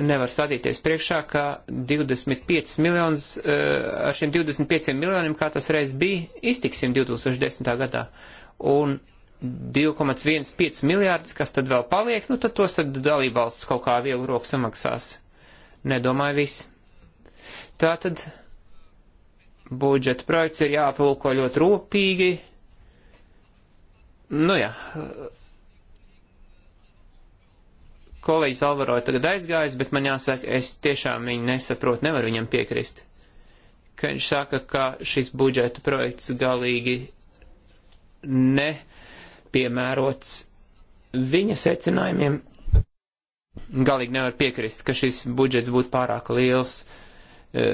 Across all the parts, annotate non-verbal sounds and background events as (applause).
nevar sadīties priekšā, ka 25 miljonus, eh, ar šiem 25 miljoniem, kā tas reiz bija, iztiksim 2010. gadā. Un 2,15 miljārdus, kas tad vēl paliek, nu tad tos tad dalībvalsts kaut kā vielu roku samaksās. Nedomāju viss. Tā tad budžeta projekts ir jāpalūko ļoti rūpīgi. Nu jā, kolēģis Alvaro tagad aizgājis, bet man jāsaka, es tiešām viņu nesaprotu, nevaru viņam piekrist. Ka viņš saka, ka šis budžeta projekts galīgi nepiemērots viņa secinājumiem. Galīgi nevar piekrist, ka šis budžets būtu pārāk liels. E,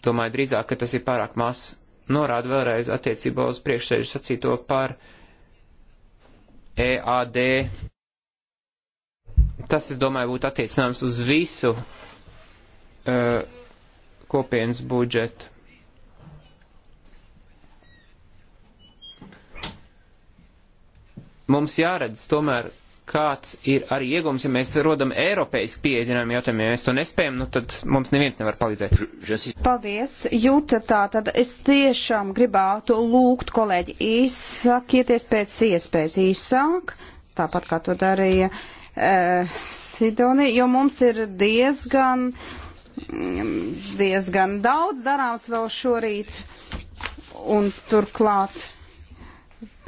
Domāju drīzāk, ka tas ir pārāk maz. Norāda vēlreiz attiecībā uz priekšsēžu sacīto par uh, EAD. Tas, es domāju, būtu attiecināms uz visu uh, kopienas budžetu. Mums jāredz tomēr kāds ir arī iegums, ja mēs rodam eiropeisku pieeja zināmiem jautājumiem, ja mēs to nespējam, nu tad mums neviens nevar palīdzēt. Paldies, Jūta, tā tad es tiešām gribētu lūgt kolēģi izsakieties pēc iespējas īsāk, tāpat kā to darīja uh, Sidoni, jo mums ir diezgan, mm, diezgan daudz darāms vēl šorīt un turklāt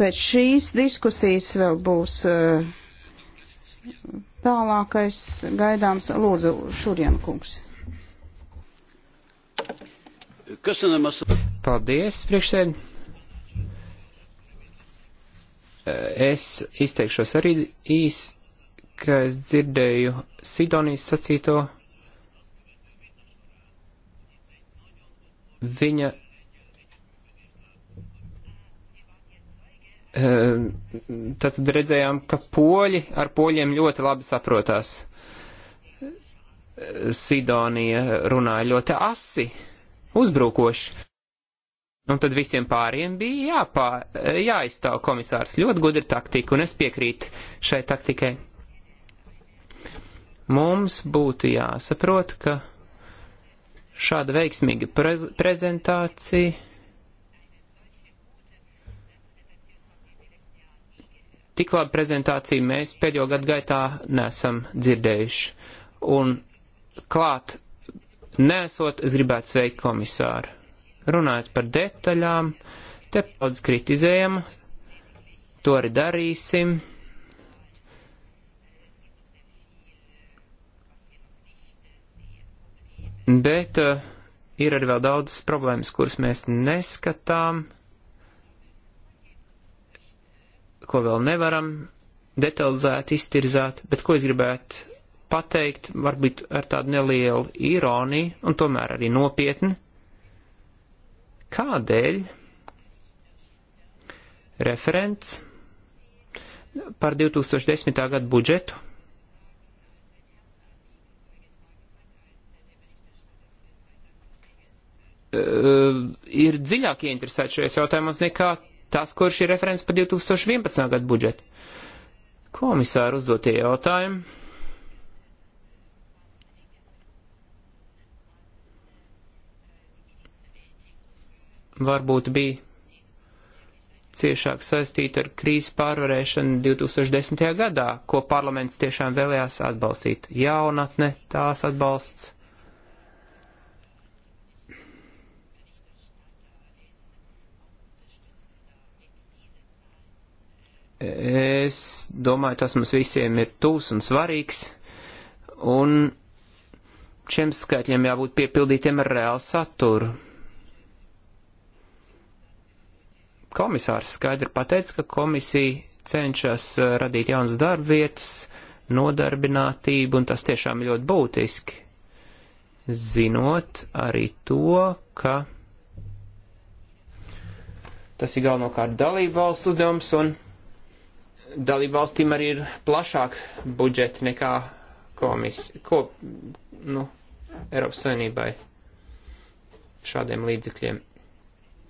pēc šīs diskusijas vēl būs uh, tālākais gaidāms lūdzu Šurien kungs. Paldies, priekšsēd. Es izteikšos arī īs, ka es dzirdēju Sidonijas sacīto. Viņa Ehm, tad redzējām, ka poļi ar poļiem ļoti labi saprotās. Sidonija runāja ļoti asi, uzbrukoši. Un tad visiem pāriem bija jāpā, jāizstāv komisārs. Ļoti gudra taktika, un es piekrītu šai taktikai. Mums būtu jāsaprot, ka šāda veiksmīga prez prezentācija tik labu prezentāciju mēs pēdējo gadu gaitā nesam dzirdējuši. Un klāt nesot, es gribētu sveikt komisāru. Runājot par detaļām, te daudz kritizējam, to arī darīsim. Bet uh, ir arī vēl daudz problēmas, kuras mēs neskatām. Uh, ko vēl nevaram detalizēti iztirzāt, bet ko es gribētu pateikt, varbūt ar tādu nelielu ironiju un tomēr arī nopietni, kādēļ referents par 2010. gadu budžetu ir dziļāk ieinteresēti šajos jautājumos nekā tas, kurš ir referents par 2011. gadu budžetu. Komisāru uzdotie jautājumi. Varbūt bija ciešāk saistīta ar krīzes pārvarēšanu 2010. gadā, ko parlaments tiešām vēlējās atbalstīt. Jaunatne, tās atbalsts Es domāju, tas mums visiem ir tūs un svarīgs, un šiem skaitļiem jābūt piepildītiem ar reālu saturu. Komisārs skaidri pateica, ka komisija cenšas uh, radīt jaunas darbvietas, nodarbinātību, un tas tiešām ir ļoti būtiski. Zinot arī to, ka tas ir galvenokārt dalību valsts uzdevums, un dalību valstīm arī ir plašāk budžeti nekā komis, ko, nu, Eiropas Savienībai šādiem līdzekļiem.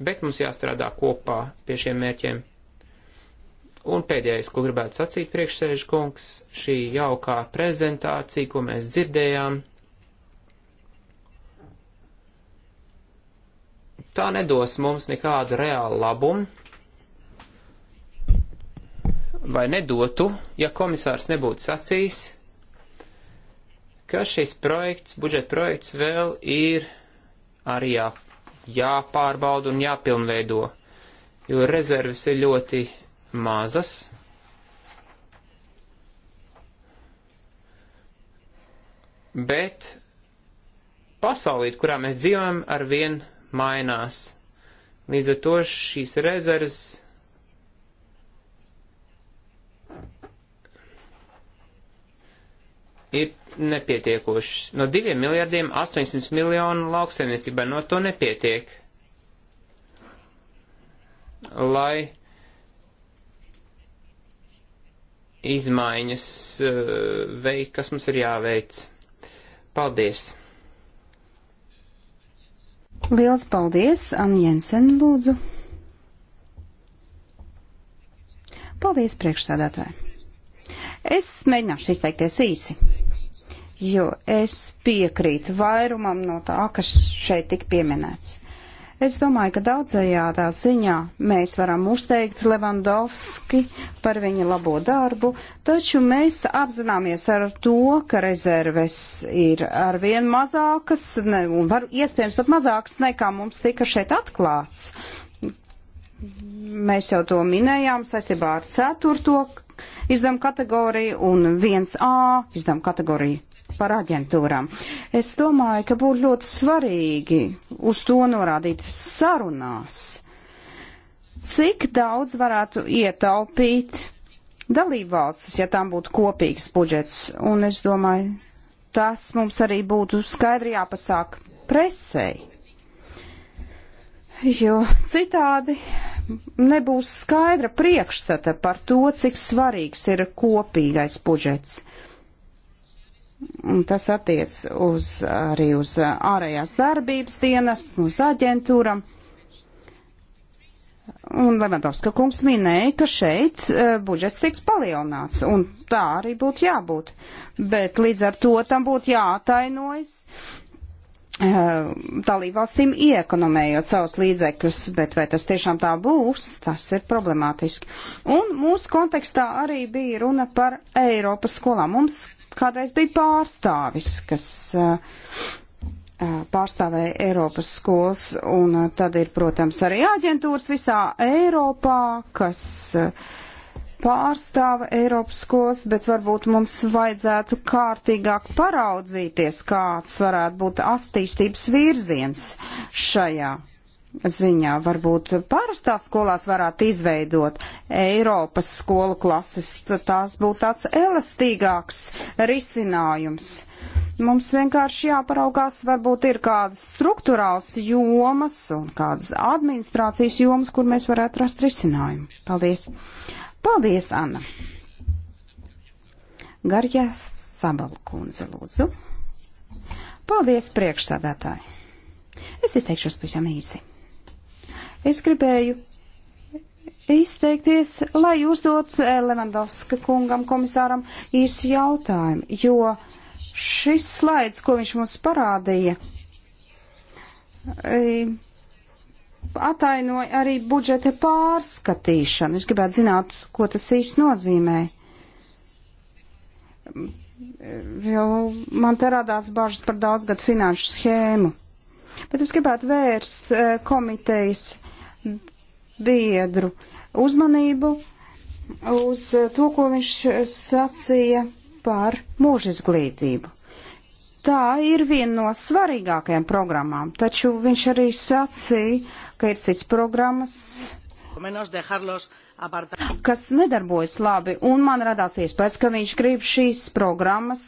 Bet mums jāstrādā kopā pie šiem mērķiem. Un pēdējais, ko gribētu sacīt priekšsēžu kungs, šī jaukā prezentācija, ko mēs dzirdējām, tā nedos mums nekādu reālu labumu, vai nedotu, ja komisārs nebūtu sacījis, ka šis projekts, budžeta projekts vēl ir arī jā, jāpārbauda un jāpilnveido, jo rezerves ir ļoti mazas. Bet pasaulīt, kurā mēs dzīvojam, ar vien mainās. Līdz ar to šīs rezerves ir nepietiekošas. No diviem miljardiem 800 miljonu lauksaimniecībai no to nepietiek, lai izmaiņas eh, veikt, kas mums ir jāveic. Paldies! Liels paldies, Ann Jensen, lūdzu! Paldies, priekšsādātāji! Es mēģināšu izteikties īsi jo es piekrītu vairumam no tā, kas šeit tik pieminēts. Es domāju, ka daudzējādā ziņā mēs varam uzteikt Levandovski par viņa labo darbu, taču mēs apzināmies ar to, ka rezerves ir arvien mazākas, ne, un var, iespējams pat mazākas nekā mums tika šeit atklāts. Mēs jau to minējām saistībā ar ceturto izdevumu kategoriju un 1A izdevumu kategoriju par aģentūrām. Es domāju, ka būtu ļoti svarīgi uz to norādīt sarunās, cik daudz varētu ietaupīt dalībvalstis, ja tām būtu kopīgs budžets. Un es domāju, tas mums arī būtu skaidri jāpasāk presēji. Jo citādi nebūs skaidra priekšstata par to, cik svarīgs ir kopīgais budžets. Un tas attiec uz, arī uz ārējās darbības dienas, uz aģentūram. Un Levandovska kungs minēja, ka šeit uh, budžets tiks palielināts, un tā arī būtu jābūt. Bet līdz ar to tam būtu jātainojas uh, e, dalībvalstīm iekonomējot savus līdzekļus, bet vai tas tiešām tā būs, tas ir problemātiski. Un mūsu kontekstā arī bija runa par Eiropas skolām. Mums kādreiz bija pārstāvis, kas eh, eh, pārstāvēja Eiropas skolas, un eh, tad ir, protams, arī aģentūras visā Eiropā, kas pārstāva Eiropas skolas, bet varbūt mums vajadzētu kārtīgāk paraudzīties, kāds varētu būt attīstības virziens šajā ziņā. Varbūt pārstās skolās varētu izveidot Eiropas skolu klases, tad tās būtu tāds elastīgāks risinājums. Mums vienkārši jāparaugās, varbūt ir kādas struktūrāls jomas un kādas administrācijas jomas, kur mēs varētu rast risinājumu. Paldies! Paldies, Anna! Garja Sabalkundze, lūdzu. Paldies, priekšsādātāji! Es izteikšos pavisam īsi. Es gribēju izteikties, lai uzdot Levandovska kungam komisāram īsu jautājumu, jo šis slaids, ko viņš mums parādīja, atainoja arī budžeta pārskatīšanu. Es gribētu zināt, ko tas īsti nozīmē. Jo man te radās bažas par daudzgadu finanšu schēmu. Bet es gribētu vērst komitejas biedru uzmanību uz to, ko viņš sacīja par mūža izglītību. Tā ir viena no svarīgākajām programmām, taču viņš arī sacīja, ka ir cits programmas, kas nedarbojas labi, un man radās iespējas, ka viņš grib šīs programmas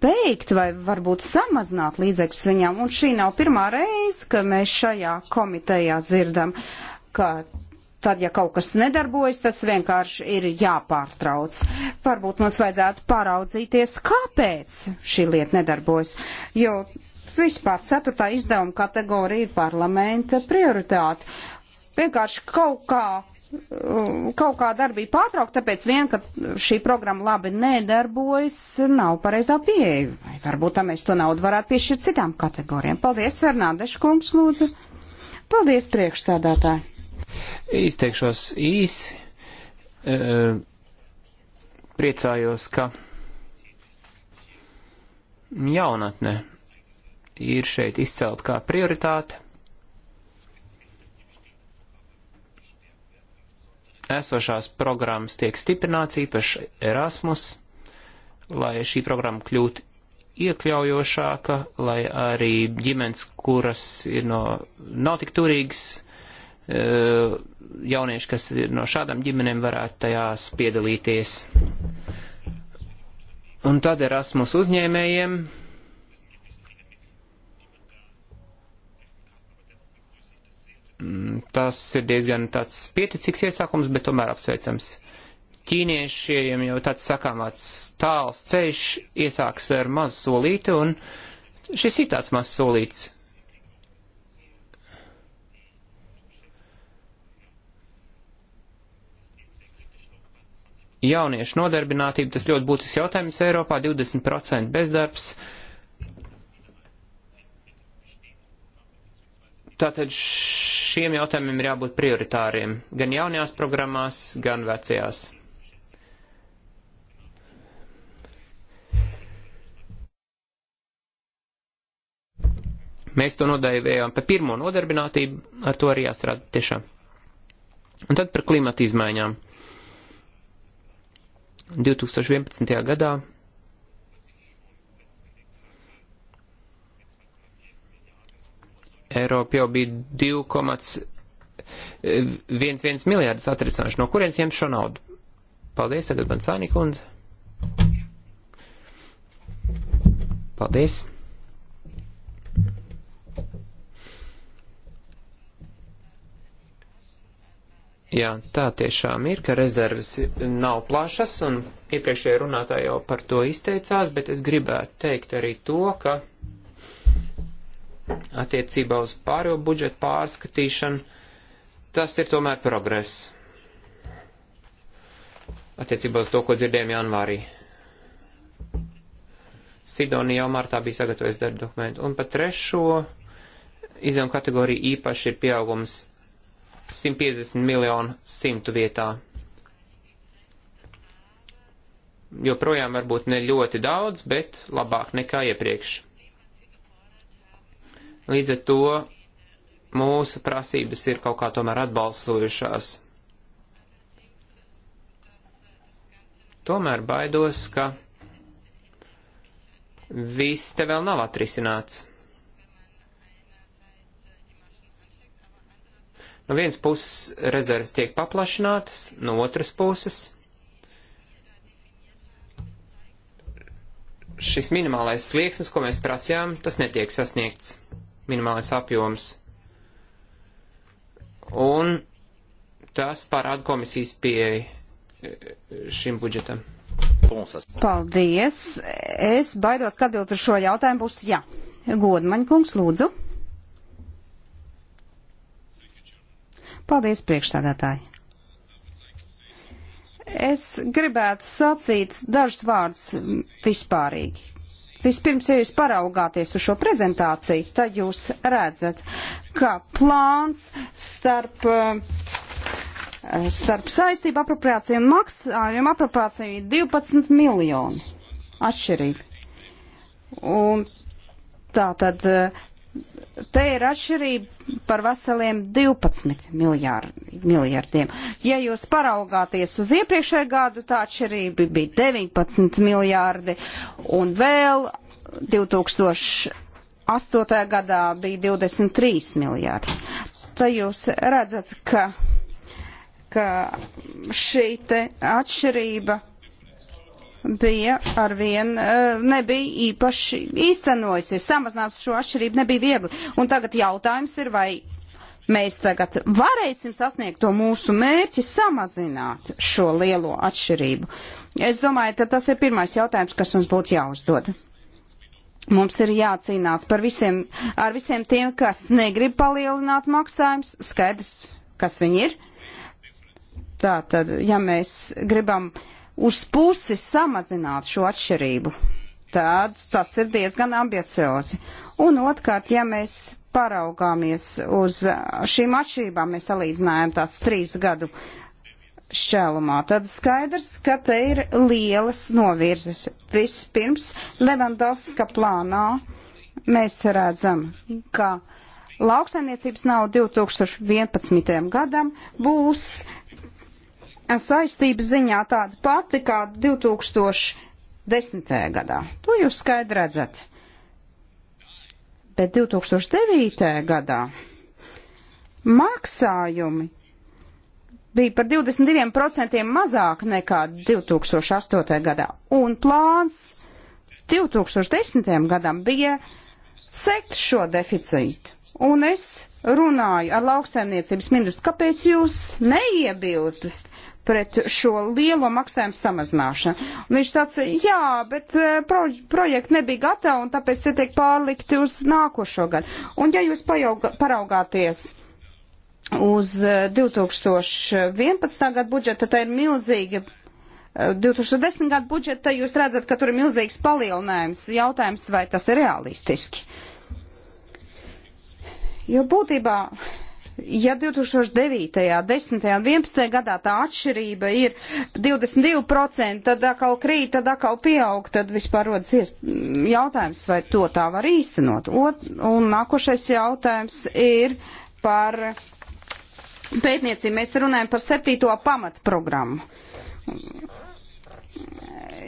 beigt vai varbūt samazināt līdzekļus viņām. Un šī nav pirmā reize, ka mēs šajā komitejā dzirdam, ka tad, ja kaut kas nedarbojas, tas vienkārši ir jāpārtrauc. Varbūt mums vajadzētu paraudzīties, kāpēc šī lieta nedarbojas. Jo vispār ceturtā izdevuma kategorija ir parlamenta prioritāte. Vienkārši kaut kā Um, kaut kā darbība pārtraukt, tāpēc vien, ka šī programma labi nedarbojas, nav pareizā pieeja. Vai varbūt tā mēs to naudu varētu piešķirt citām kategorijām. Paldies, Fernandeša kungs, lūdzu. Paldies, priekšstādātāji. Izteikšos īsi. E, priecājos, ka jaunatne ir šeit izcelt kā prioritāte esošās programmas tiek stiprināts, īpaši Erasmus, lai šī programma kļūtu iekļaujošāka, lai arī ģimenes, kuras ir no, nav tik turīgas, e, jaunieši, kas ir no šādām ģimenēm, varētu tajās piedalīties. Un tad Erasmus uzņēmējiem Mm, tas ir diezgan tāds pieticīgs iesākums, bet tomēr apsveicams. Ķīniešiem jau tāds sakāmāts tāls ceļš iesāks ar mazu solīti, un šis ir tāds mazs solīts. jauniešu nodarbinātība, tas ļoti būtisks jautājums Eiropā, 20% bezdarbs, Tātad šiem jautājumiem ir jābūt prioritāriem gan jaunajās programmās, gan vecajās. Mēs to nodēvējām par pirmo nodarbinātību, ar to arī jāstrādā tiešām. Un tad par klimata izmaiņām. 2011. gadā Eiropa jau bija 2,11 miljārdas atricināšu. No kurienes ņemt šo naudu? Paldies, tagad man Cāni kundze. Paldies. Jā, tā tiešām ir, ka rezerves nav plašas, un iepriekšējie runātāji jau par to izteicās, bet es gribētu teikt arī to, ka attiecībā uz pārējo budžetu pārskatīšanu, tas ir tomēr progress. Attiecībā uz to, ko dzirdējām janvārī. Sidonija jau martā bija sagatavojis darba dokumentu. Un pa trešo izdevumu kategoriju īpaši ir pieaugums 150 miljonu simtu vietā. Joprojām varbūt ne ļoti daudz, bet labāk nekā iepriekš. Līdz ar to mūsu prasības ir kaut kā tomēr atbalstojušās. Tomēr baidos, ka viss te vēl nav atrisināts. No vienas puses rezerves tiek paplašinātas, no otras puses šis minimālais slieksnis, ko mēs prasījām, tas netiek sasniegts minimālais apjoms. Un tas parāda komisijas pieeja e, šim budžetam. Paldies. Es baidos, ka atbild uz šo jautājumu būs jā. Godmaņa kungs, lūdzu. Paldies, priekšsādātāji. Es gribētu sacīt dažus vārdus vispārīgi. Vispirms, ja jūs paraugāties uz šo prezentāciju, tad jūs redzat, ka plāns starp, eh, starp saistību apropriāciju un maksājumu apropriāciju ir 12 miljoni atšķirība. Un tā tad eh, Te ir atšķirība par veseliem 12 miljār, miljardiem. Ja jūs paraugāties uz iepriekšēju gadu, tā atšķirība bija 19 miljārdi un vēl 2008. gadā bija 23 miljārdi. Te jūs redzat, ka, ka šī atšķirība bija arvien, eh, nebija īpaši īstenojusies, samazināt šo atšķirību nebija viegli. Un tagad jautājums ir, vai mēs tagad varēsim sasniegt to mūsu mērķi, samazināt šo lielo atšķirību. Es domāju, ka tas ir pirmais jautājums, kas mums būtu jāuzdod. Mums ir jācīnās par visiem, ar visiem tiem, kas negrib palielināt maksājumus, skaidrs, kas viņi ir. Tātad, ja mēs gribam uh, uz pusi samazināt šo atšķirību, tad tas ir diezgan ambiciozi. Un otrkārt, ja mēs paraugāmies uz šīm atšķirībām, mēs salīdzinājām tās trīs gadu šķēlumā, tad skaidrs, ka te ir lielas novirzes. Vispirms Levandovska plānā mēs redzam, ka lauksaimniecības nauda 2011. gadam būs saistība ziņā tāda pati kā 2010. gadā. To jūs skaidri redzat. Bet 2009. gadā maksājumi bija par 22% mazāk nekā 2008. gadā. Un plāns 2010. gadam bija sekt šo deficītu. Un es runāju ar lauksaimniecības ministru, kāpēc jūs neiebilstat pret šo lielo maksājumu samazināšanu? Un viņš tāds, jā, bet eh, pro, projekti nebija gatavi un tāpēc te tiek pārlikti uz nākošo gadu. Un ja jūs pajauga, paraugāties uz 2011. gadu budžetu, tad ir milzīga 2010. gadu budžeta, jūs redzat, ka tur ir milzīgs palielinājums. Jautājums, vai tas ir realistiski? Uh, Jo būtībā, ja 2009., 10. un 11. gadā tā atšķirība ir 22%, tad atkal krīt, tad atkal pieaug, tad vispār rodas jautājums, vai to tā var īstenot. Ot, un nākošais jautājums ir par pētniecību. Mēs runājam par septīto pamatprogrammu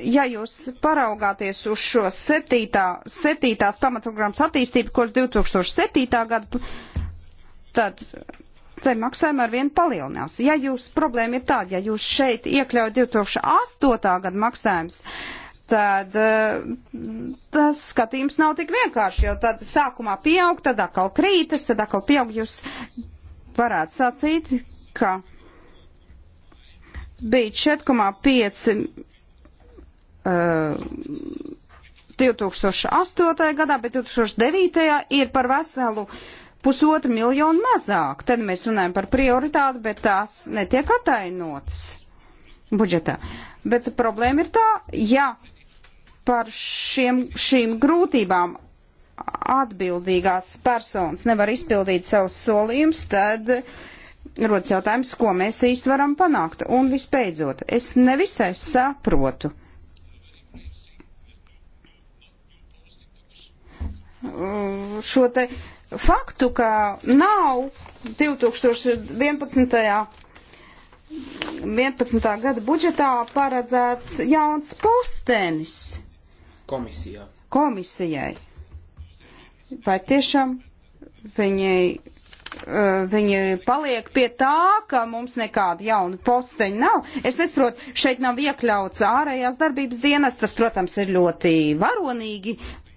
ja jūs paraugāties uz šo septītā, septītās pamatprogrammas attīstību, kuras 2007. gada, tad te maksājumi ar vienu palielinās. Ja jūs problēma ir tāda, ja jūs šeit iekļaujat 2008. gada maksājumus, tad eh, tas skatījums nav tik vienkārši, jo tad sākumā pieaug, tad atkal krītas, tad atkal pieaug, jūs varētu sacīt, ka bija 4,5 2008. Uh, gadā, bet 2009. ir par veselu pusotru miljonu mazāk. Tad mēs runājam par prioritāti, bet tās netiek atainotas budžetā. Bet problēma ir tā, ja par šiem, šīm grūtībām atbildīgās personas nevar izpildīt savus solījumus, tad rodas jautājums, ko mēs īsti varam panākt. Un visbeidzot, es nevisai saprotu Uh, šo te faktu, ka nav 2011. 11. gada budžetā paredzēts jauns postenis komisijā. komisijai. Vai tiešām viņi, uh, viņi paliek pie tā, ka mums nekāda jauna posteņa nav? Es nesaprotu, šeit nav iekļauts ārējās darbības dienas, tas, protams, ir ļoti varonīgi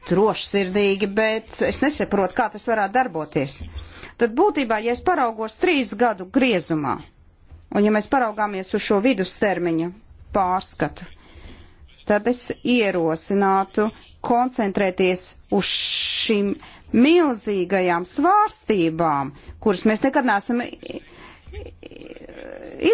drošsirdīgi, bet es nesaprotu, kā tas varētu darboties. Tad būtībā, ja es paraugos trīs gadu griezumā, un ja mēs paraugāmies uz šo vidustermiņa pārskatu, tad es ierosinātu koncentrēties uz šīm milzīgajām svārstībām, kuras mēs nekad neesam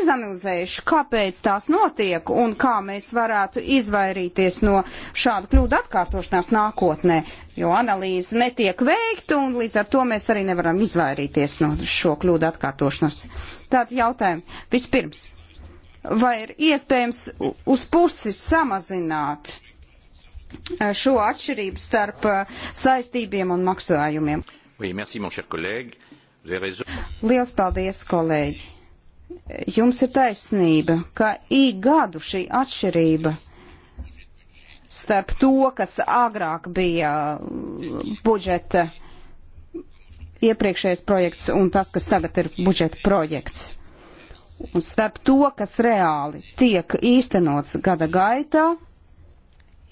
izanalizējuši, kāpēc tās notiek un kā mēs varētu izvairīties no šādu kļūdu atkārtošanās nākotnē, jo analīze netiek veikta un līdz ar to mēs arī nevaram izvairīties no šo kļūdu atkārtošanos. Tātad jautājumi. Vispirms, vai ir iespējams uz pusi samazināt eh, šo atšķirību starp eh, saistībiem un maksājumiem? Oui, merci, mon cher collègue. Liels paldies, kolēģi! Jums ir taisnība, ka ik gadu šī atšķirība starp to, kas agrāk bija budžeta iepriekšējais projekts un tas, kas tagad ir budžeta projekts. Un starp to, kas reāli tiek īstenots gada gaitā,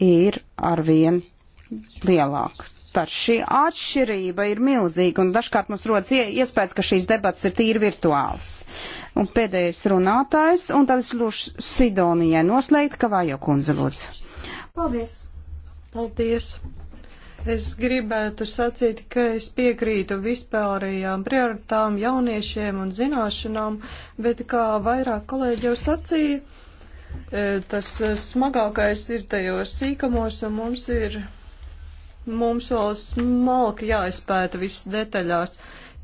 ir arvien lielāks par šī atšķirība ir milzīga, un dažkārt mums rodas iespējas, ka šīs debats ir tīri virtuāls. Un pēdējais runātājs, un tad es lūšu Sidonijai noslēgt, ka vājo kundze lūdzu. Paldies! Paldies! Es gribētu sacīt, ka es piekrītu vispārējām prioritām jauniešiem un zināšanām, bet kā vairāk kolēģi jau sacīja, eh, tas eh, smagākais ir tajos sīkumos, un mums ir Mums vēl smalki jāizpēta viss detaļās,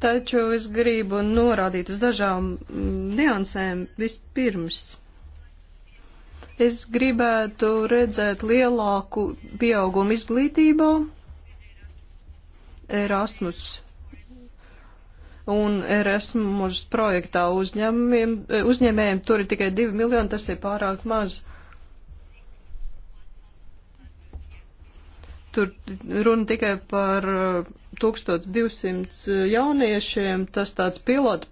taču es gribu norādīt uz dažām mm, niansēm vispirms. Es gribētu redzēt lielāku pieaugumu izglītībā, Erasmus un Erasmus projektā uzņēmējiem, uzņēmējiem tur ir tikai 2 miljoni, tas ir pārāk maz. Uh, tur runa tikai par 1200 uh, uh, jauniešiem, tas tāds mm, pilota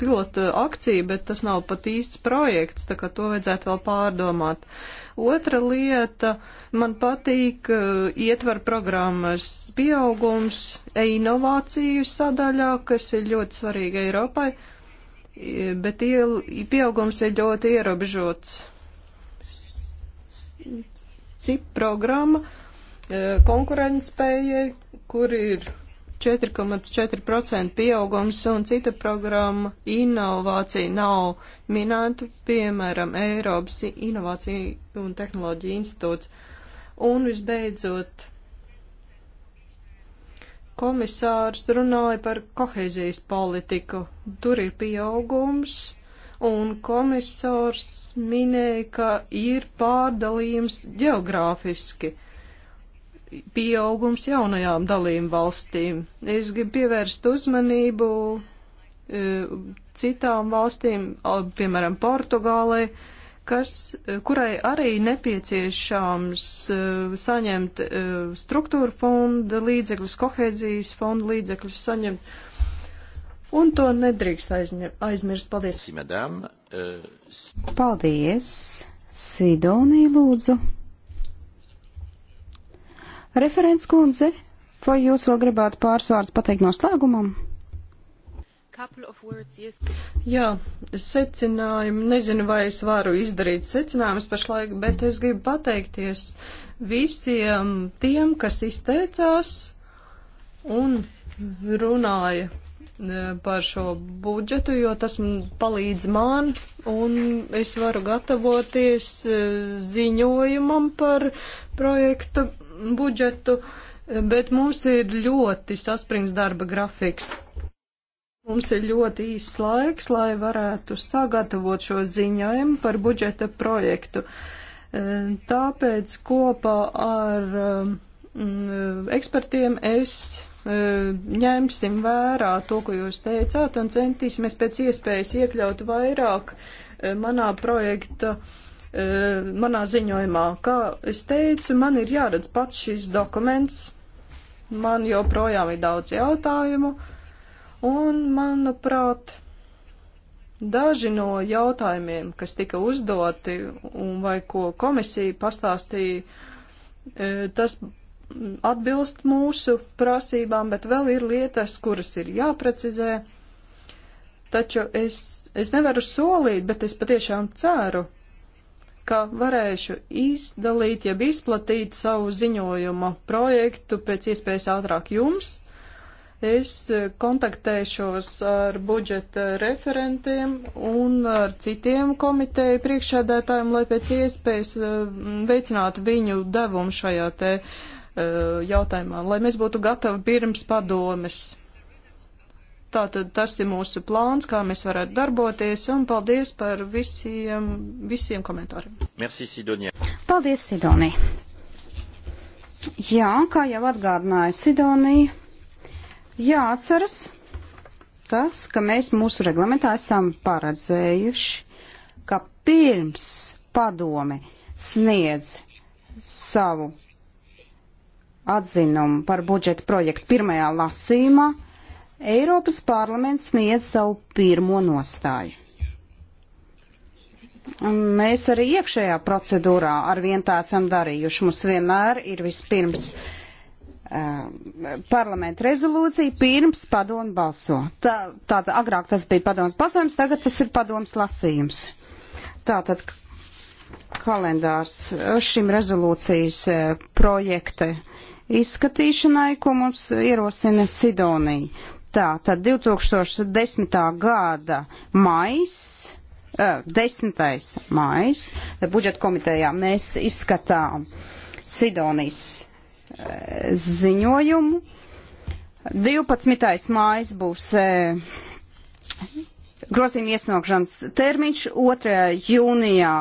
pilot akcija, bet tas nav pat īsts projekts, tā kā to vajadzētu vēl pārdomāt. Otra lieta, man patīk uh, ietver programmas pieaugums e-inovāciju sadaļā, kas ir ļoti svarīga Eiropai, bet pieaugums ir ļoti ierobežots. CIP programma E, konkurētspējai, kur ir 4,4% pieaugums un cita programma inovācija nav minēta, piemēram, Eiropas Inovācija un Tehnoloģija institūts. Un visbeidzot, komisārs runāja par kohēzijas politiku. Tur ir pieaugums, un komisārs minēja, ka ir pārdalījums geogrāfiski. Uh, pieaugums jaunajām dalību valstīm. Es gribu pievērst uzmanību e, citām valstīm, piemēram, Portugālei, kas, e, kurai arī nepieciešams e, saņemt struktūra fonda līdzekļus, kohēzijas fonda līdzekļus saņemt. Un to nedrīkst aizmirst. Paldies! Paldies! Sidonī lūdzu! Referents kundze, vai jūs vēl gribētu pāris vārdus pateikt noslēgumam? Words, yes. Jā, secinājumi. Nezinu, vai es varu izdarīt secinājumus pašlaik, bet es gribu pateikties visiem tiem, kas izteicās un runāja e, par šo budžetu, jo tas palīdz man, un es varu gatavoties e, ziņojumam par projektu budžetu, bet mums ir ļoti saspringts darba grafiks. Mums ir ļoti īss laiks, lai varētu sagatavot šo ziņojumu par budžeta projektu. Tāpēc kopā ar um, ekspertiem es um, ņemsim vērā to, ko jūs teicāt, un centīsimies pēc iespējas iekļaut vairāk um, manā projekta uh, E, manā ziņojumā. Kā es teicu, man ir jāredz pats šis dokuments, man joprojām ir daudz jautājumu, un, manuprāt, Daži no jautājumiem, kas tika uzdoti un vai ko komisija pastāstīja, e, tas atbilst mūsu prasībām, bet vēl ir lietas, kuras ir jāprecizē. Taču es, es nevaru solīt, bet es patiešām ceru, ka varēšu izdalīt, jeb izplatīt savu ziņojuma projektu pēc iespējas ātrāk jums. Es e, kontaktēšos ar budžeta referentiem un ar citiem komiteju priekšsēdētājiem, lai pēc iespējas e, veicinātu viņu devumu šajā te e, jautājumā, lai mēs būtu gatavi pirms padomes. Tātad tas ir mūsu plāns, kā mēs varētu darboties, un paldies par visiem, visiem komentāriem. Merci, Sidonija. Paldies, Sidonija. Jā, kā jau atgādināja Sidonija, jāatceras tas, ka mēs mūsu reglamentā esam paredzējuši, ka pirms padome sniedz savu atzinumu par budžeta projektu pirmajā lasīmā, Eiropas parlaments sniedz savu pirmo nostāju. Un mēs arī iekšējā procedūrā ar vien tā esam darījuši. Mums vienmēr ir vispirms uh, parlamenta rezolūcija pirms padomu balso. Tā, tā agrāk tas bija padoms balsojums, tagad tas ir padoms lasījums. Tātad kalendārs eh, šim rezolūcijas uh, projekta izskatīšanai, ko mums ierosina Sidonija. Tā tad 2010. gada mais, uh, 10. mais, budžeta komitejā mēs izskatām Sidonijas uh, ziņojumu. 12. mājas būs uh, grozījuma iesniegšanas termiņš 2. jūnijā.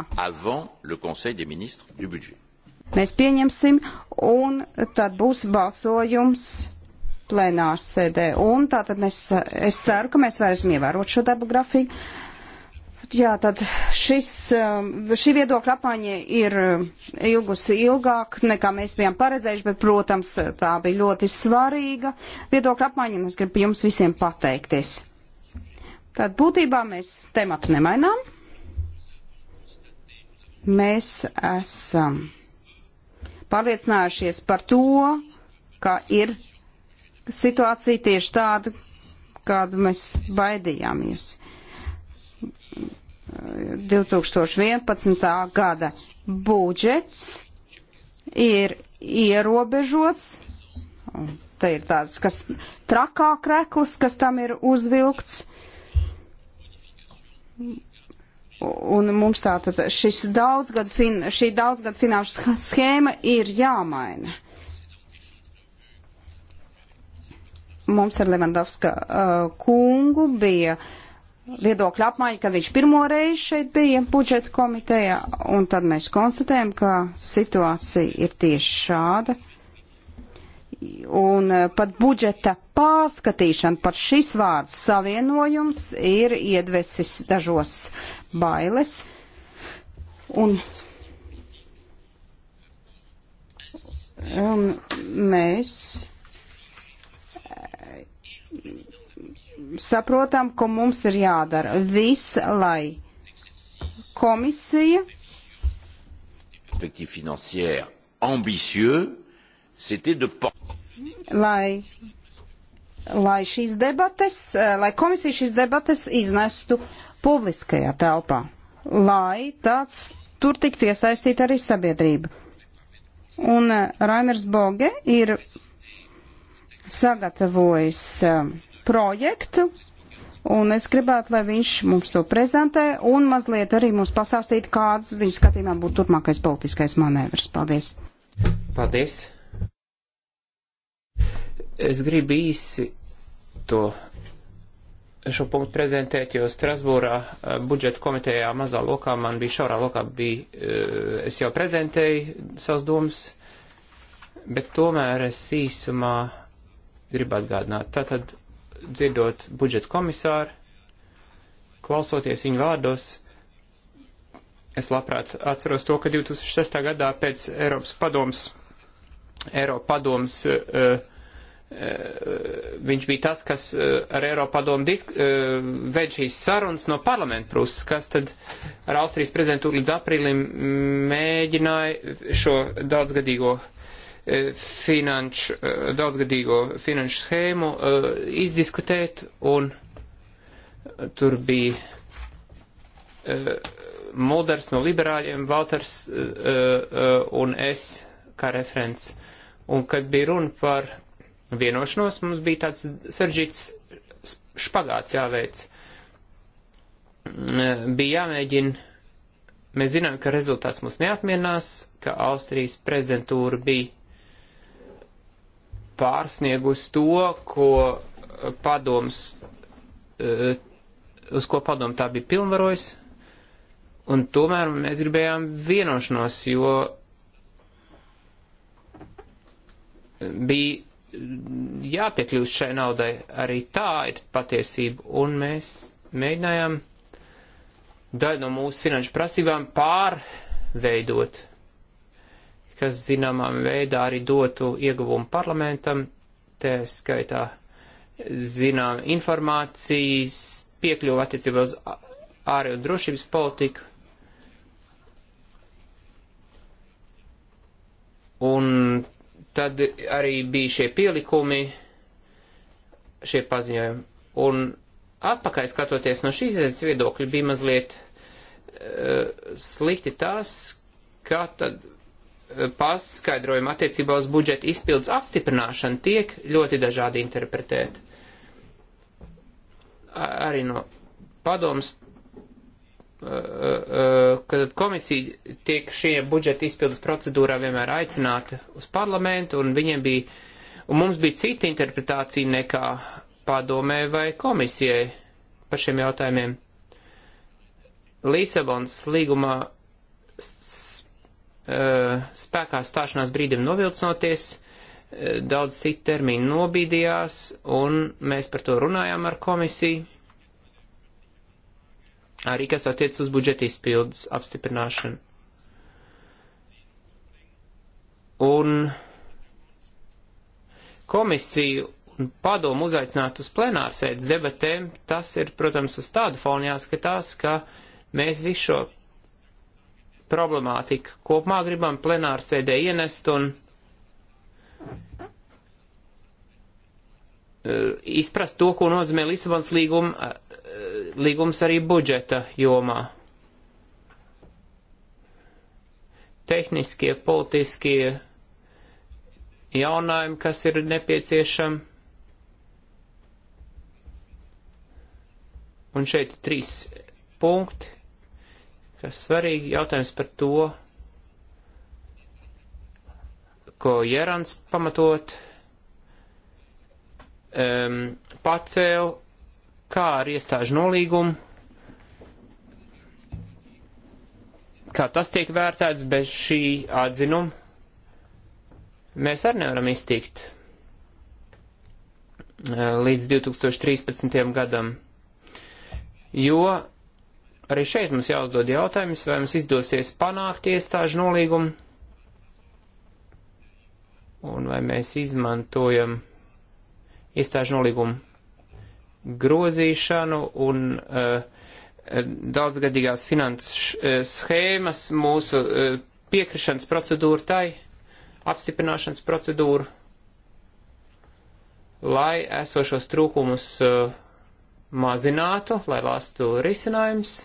Mēs pieņemsim, un tad būs balsojums plenārs sēdē. Un tātad mēs, es ceru, ka mēs varēsim ievērot šo darba grafiku. Jā, tad šis, um, šī viedokļa apmaiņa ir um, ilgusi ilgāk nekā mēs bijām paredzējuši, bet, protams, tā bija ļoti svarīga viedokļa apmaiņa, un es gribu jums visiem pateikties. Tad būtībā mēs tematu nemainām. Mēs esam pārliecinājušies par to, ka ir situācija tieši tāda, kādu mēs baidījāmies. 2011. gada budžets ir ierobežots. Te ir tāds, kas trakāk reklis, kas tam ir uzvilkts. Un mums tātad šis daudzgad fin, šī daudzgad finanšu schēma ir jāmaina. Uh, Mums ar Levandovska uh, kungu bija viedokļa apmaiņa, kad viņš pirmo reizi šeit bija budžeta komitejā, un tad mēs konstatējam, ka situācija ir tieši šāda. Un uh, pat budžeta pārskatīšana, pat šis vārds savienojums ir iedvesis dažos bailes. Un un mēs saprotam, ko mums ir jādara. Viss, lai komisija. Lai, lai šīs debates, eh, lai komisija šīs debates iznestu publiskajā telpā, lai tāds tur tiktu iesaistīta arī sabiedrība. Un eh, Raimers Boge ir sagatavojis um, projektu, un es gribētu, lai viņš mums to prezentē un mazliet arī mums pastāstītu, kāds viņa skatījumā būtu turpmākais politiskais manevrs. Paldies! Paldies! Es gribu īsi to šo punktu prezentēt, jo Strasbūrā uh, budžeta komitejā mazā lokā man bija šaurā lokā, bija, uh, es jau prezentēju savas domas, bet tomēr es īsumā gribu atgādināt. Tātad, dzirdot budžeta komisāru, klausoties viņu vārdos, es labprāt atceros to, ka 2006. gadā pēc Eiropas padoms, Eiropa padoms, uh, eh, uh, eh, viņš bija tas, kas uh, ar Eiropa padomu disk, ved šīs sarunas no parlamenta puses, kas tad ar Austrijas prezidentu līdz aprīlim mm, mēģināja šo daudzgadīgo uh, E, finanšu, e, daudzgadīgo finanšu schēmu e, izdiskutēt, un tur bija Mulders no liberāļiem, Valters un es kā referents. Un kad bija runa par vienošanos, mums bija tāds saržģīts špagāts jāveic. Mm, bija jāmēģina Mēs zinām, ka rezultāts mūs neapmienās, ka Austrijas prezidentūra bija pārsniegus to, ko eh, padoms, eh, uz ko padomu tā bija pilnvarojis, un tomēr mēs gribējām vienošanos, jo bija jāpiekļūst šai naudai, arī tā ir patiesība, un mēs mēģinājām daļu no mūsu finanšu prasībām pārveidot kas zināmā veidā arī dotu ieguvumu parlamentam, tā skaitā zinām informācijas piekļuvu attiecībā uz ārēju drošības politiku. Un tad arī bija šie pielikumi, šie paziņojumi. Un atpakaļ skatoties no šīs redzes viedokļa bija mazliet uh, slikti tas, ka tad paskaidrojumi attiecībā uz budžeta izpildes apstiprināšanu tiek ļoti dažādi interpretēti. Arī no padomas, kad komisija tiek šie budžeta izpildes procedūrā vienmēr aicināta uz parlamentu, un viņiem bija, un mums bija cita interpretācija nekā padomē vai komisijai par šiem jautājumiem. Līsabons līgumā Eh, spēkā stāšanās brīdim novilcinoties, eh, daudz citu termiņu nobīdījās, un mēs par to runājām ar komisiju. Arī kas attiec uz budžeta izpildes apstiprināšanu. Un komisiju un padomu uzaicināt uz plenārsēdes debatēm, tas ir, protams, uz tādu fonu jāskatās, ka mēs visu šo problemātika. Kopumā gribam plenāru sēdē ienest un e, izprast to, ko nozīmē Lisabons līguma, e, līgums arī budžeta jomā. Tehniskie, politiskie jaunājumi, kas ir nepieciešami. Un šeit trīs punkti kas svarīgi jautājums par to, ko Jerans pamatot um, pacēl, kā ar iestāžu nolīgumu, kā tas tiek vērtēts bez šī atzinuma, mēs arī nevaram iztikt uh, līdz 2013. gadam, jo Arī šeit mums jāuzdod jautājums, vai mums izdosies panākt iestāžu nolīgumu un vai mēs izmantojam iestāžu nolīgumu grozīšanu un uh, daudzgadīgās finanses uh, schēmas, mūsu uh, piekrišanas procedūru tai, apstiprināšanas procedūru, lai esošos trūkumus uh, mazinātu, lai lastu risinājums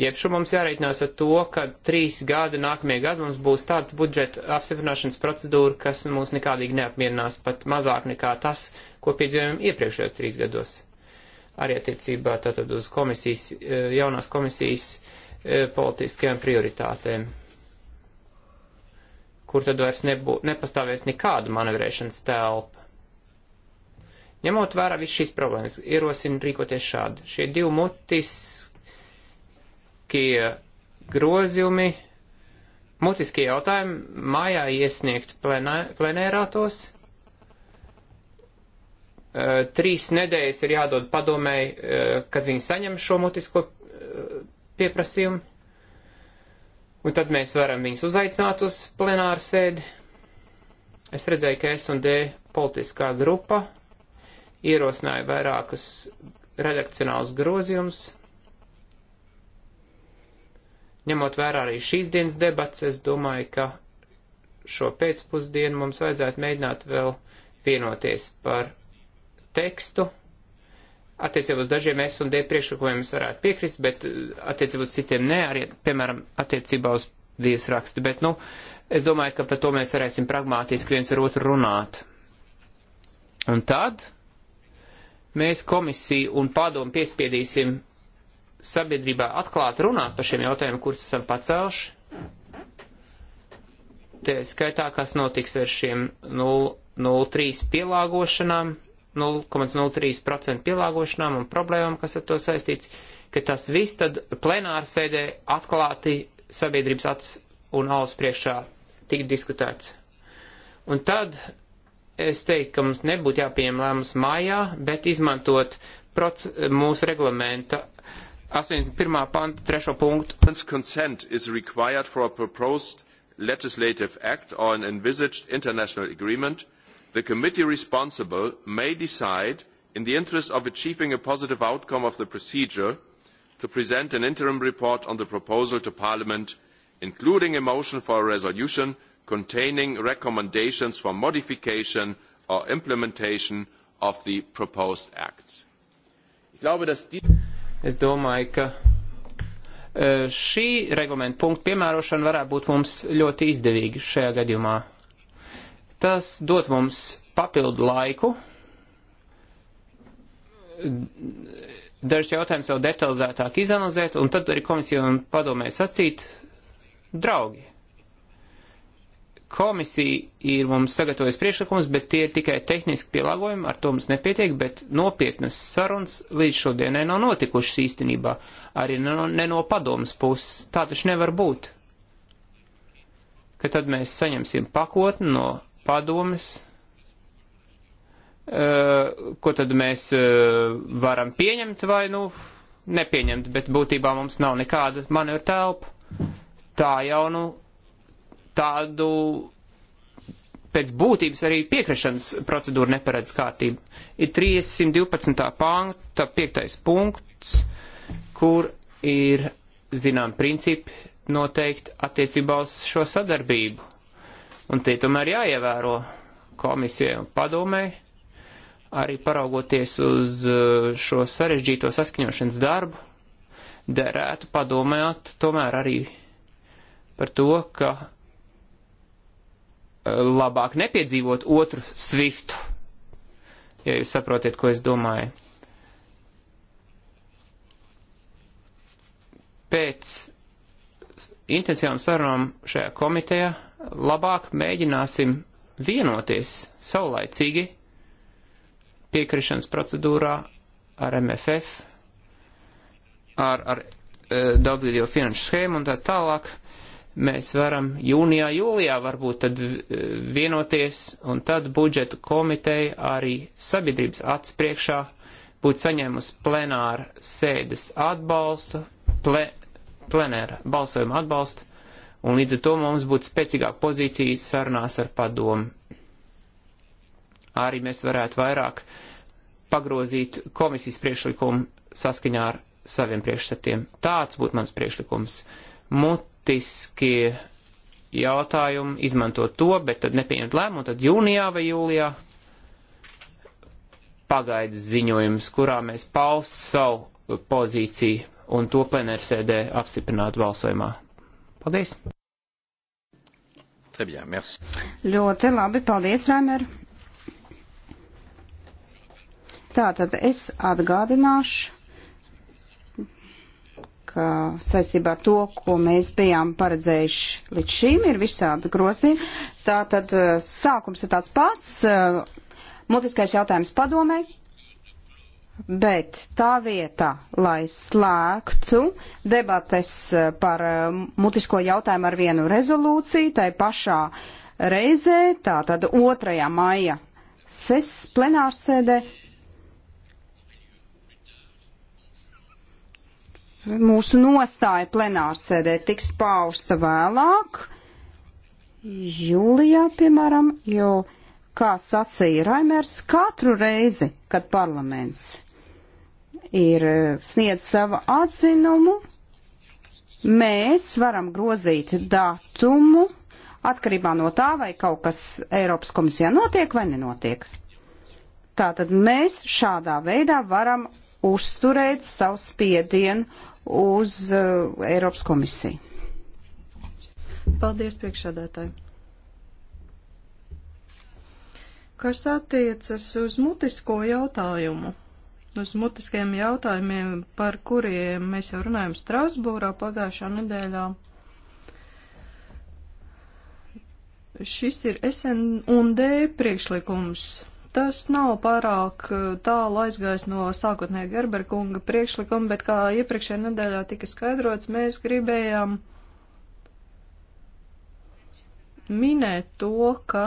Iepšu mums jāreikinās ar to, ka trīs gadi nākamie gadi mums būs tāda budžeta apstiprināšanas procedūra, kas mūs nekādīgi neapmierinās pat mazāk nekā tas, ko piedzīvojam iepriekšējos trīs gados. Arī attiecībā tātad uz komisijas, e, jaunās komisijas e, politiskajām prioritātēm kur tad vairs nebū, nepastāvēs nekāda manevrēšanas telpa. Ņemot vērā visu šīs problēmas, ierosina rīkoties šādi. Šie divi mutis, mutiskie grozījumi, mutiskie jautājumi mājā iesniegt plenā, plenērā tos. Uh, trīs nedēļas ir jādod padomēji, uh, kad viņi saņem šo mutisko uh, pieprasījumu. Un tad mēs varam viņus uzaicināt uz plenāru sēdi. Es redzēju, ka S&D politiskā grupa ierosināja vairākus redakcionālus grozījumus. Ņemot vērā arī šīs dienas debats, es domāju, ka šo pēcpusdienu mums vajadzētu mēģināt vēl vienoties par tekstu. Attiecībā uz dažiem S un D priekšlikumiem es varētu piekrist, bet uh, attiecībā uz citiem nē, arī, piemēram, attiecībā uz viesrakstu. Bet, nu, es domāju, ka par to mēs varēsim pragmātiski viens ar otru runāt. Un tad mēs komisiju un padomu piespiedīsim sabiedrībā atklāti runāt par šiem jautājumiem, kurus esam pacēluši. Te skaitā, kas notiks ar šiem 0,03 pielāgošanām, 0,03% pielāgošanām un problēmām, kas ar to saistīts, ka tas viss tad plenāra sēdē atklāti sabiedrības acs un alus priekšā tik diskutēts. Un tad es teiktu, ka mums nebūtu jāpieņem lēmums mājā, bet izmantot proc, mūsu reglamenta 81. panta trešo punktu. Consent is required for a proposed legislative act or an envisaged international agreement. The committee responsible may decide, in the interest of achieving a positive outcome of the procedure, to present an interim report on the proposal to Parliament, including a motion for a resolution containing recommendations for modification or implementation of the proposed act. Ich glaube, dass die Es domāju, ka e, šī regulamenta punkta piemērošana varētu būt mums ļoti izdevīga šajā gadījumā. Tas dot mums papildu laiku. Dažs jautājums vēl detalizētāk izanalizēt, un tad arī komisija un padomē sacīt, draugi, Komisija ir mums sagatavojusi priekšlikumus, bet tie ir tikai tehniski pielāgojumi, ar to mums nepietiek, bet nopietnas sarunas līdz šodienai nav notikušas īstenībā, arī ne no, ne no padomas puses. Tā taču nevar būt, ka tad mēs saņemsim pakotni no padomas, eh, ko tad mēs eh, varam pieņemt vai, nu, nepieņemt, bet būtībā mums nav nekāda manevra telpa. Tā jau, nu, tādu pēc būtības arī piekrišanas procedūra neparedz kārtību. Ir 312. panta 5. punkts, kur ir zinām principi noteikti attiecībā uz šo sadarbību. Un tie tomēr jāievēro komisijai un padomēji, arī paraugoties uz uh, šo sarežģīto saskaņošanas darbu, derētu padomāt tomēr arī par to, ka labāk nepiedzīvot otru sviftu, ja jūs saprotiet, ko es domāju. Pēc intensīvām sarunām šajā komitejā labāk mēģināsim vienoties saulaicīgi piekrišanas procedūrā ar MFF, ar, ar e, daudzgadīgo finanšu schēmu un tā tālāk mēs varam jūnijā, jūlijā varbūt tad vienoties un tad budžetu komiteja arī sabiedrības acis priekšā būtu saņēmusi plenāra sēdes atbalstu, ple, plenāra balsojuma atbalstu, un līdz ar to mums būtu spēcīgāka pozīcija sarunās ar padomu. Arī mēs varētu vairāk pagrozīt komisijas priekšlikumu saskaņā ar saviem priekšstatiem. Tāds būtu mans priekšlikums. Mut, politiskie jautājumi, izmantot to, bet tad nepieņemt lēmumu, tad jūnijā vai jūlijā pagaidas ziņojums, kurā mēs paust savu pozīciju un to plenērsēdē apstiprināt balsojumā. Paldies! Bien, merci. Ļoti labi, paldies, Raimer. Tātad es atgādināšu ka saistībā ar to, ko mēs bijām paredzējuši līdz šīm, ir visādi grozījumi. Tā tad eh, sākums ir tāds pats, eh, mutiskais jautājums padomē, bet tā vietā, lai slēgtu debates eh, par mutisko jautājumu ar vienu rezolūciju, tai pašā reizē, tā tad 2. maija ses plenārsēdē, mūsu nostāja plenārsēdē tiks pausta vēlāk, jūlijā, piemēram, jo, kā sacīja Raimers, katru reizi, kad parlaments ir e, sniedz savu atzinumu, mēs varam grozīt datumu atkarībā no tā, vai kaut kas Eiropas komisijā notiek vai nenotiek. Tātad mēs šādā veidā varam uzturēt savu spiedienu uz uh, Eiropas komisiju. Paldies, priekšsādātāji. Kas attiecas uz mutisko jautājumu? Uz mutiskiem jautājumiem, par kuriem mēs jau runājam Strasbūrā pagājušā nedēļā. Šis ir SN un D priekšlikums Tas nav pārāk eh, tālu aizgājis no sākotnējā Gerberkunga priekšlikuma, bet kā iepriekšējā nedēļā tika skaidrots, mēs gribējām minēt to, ka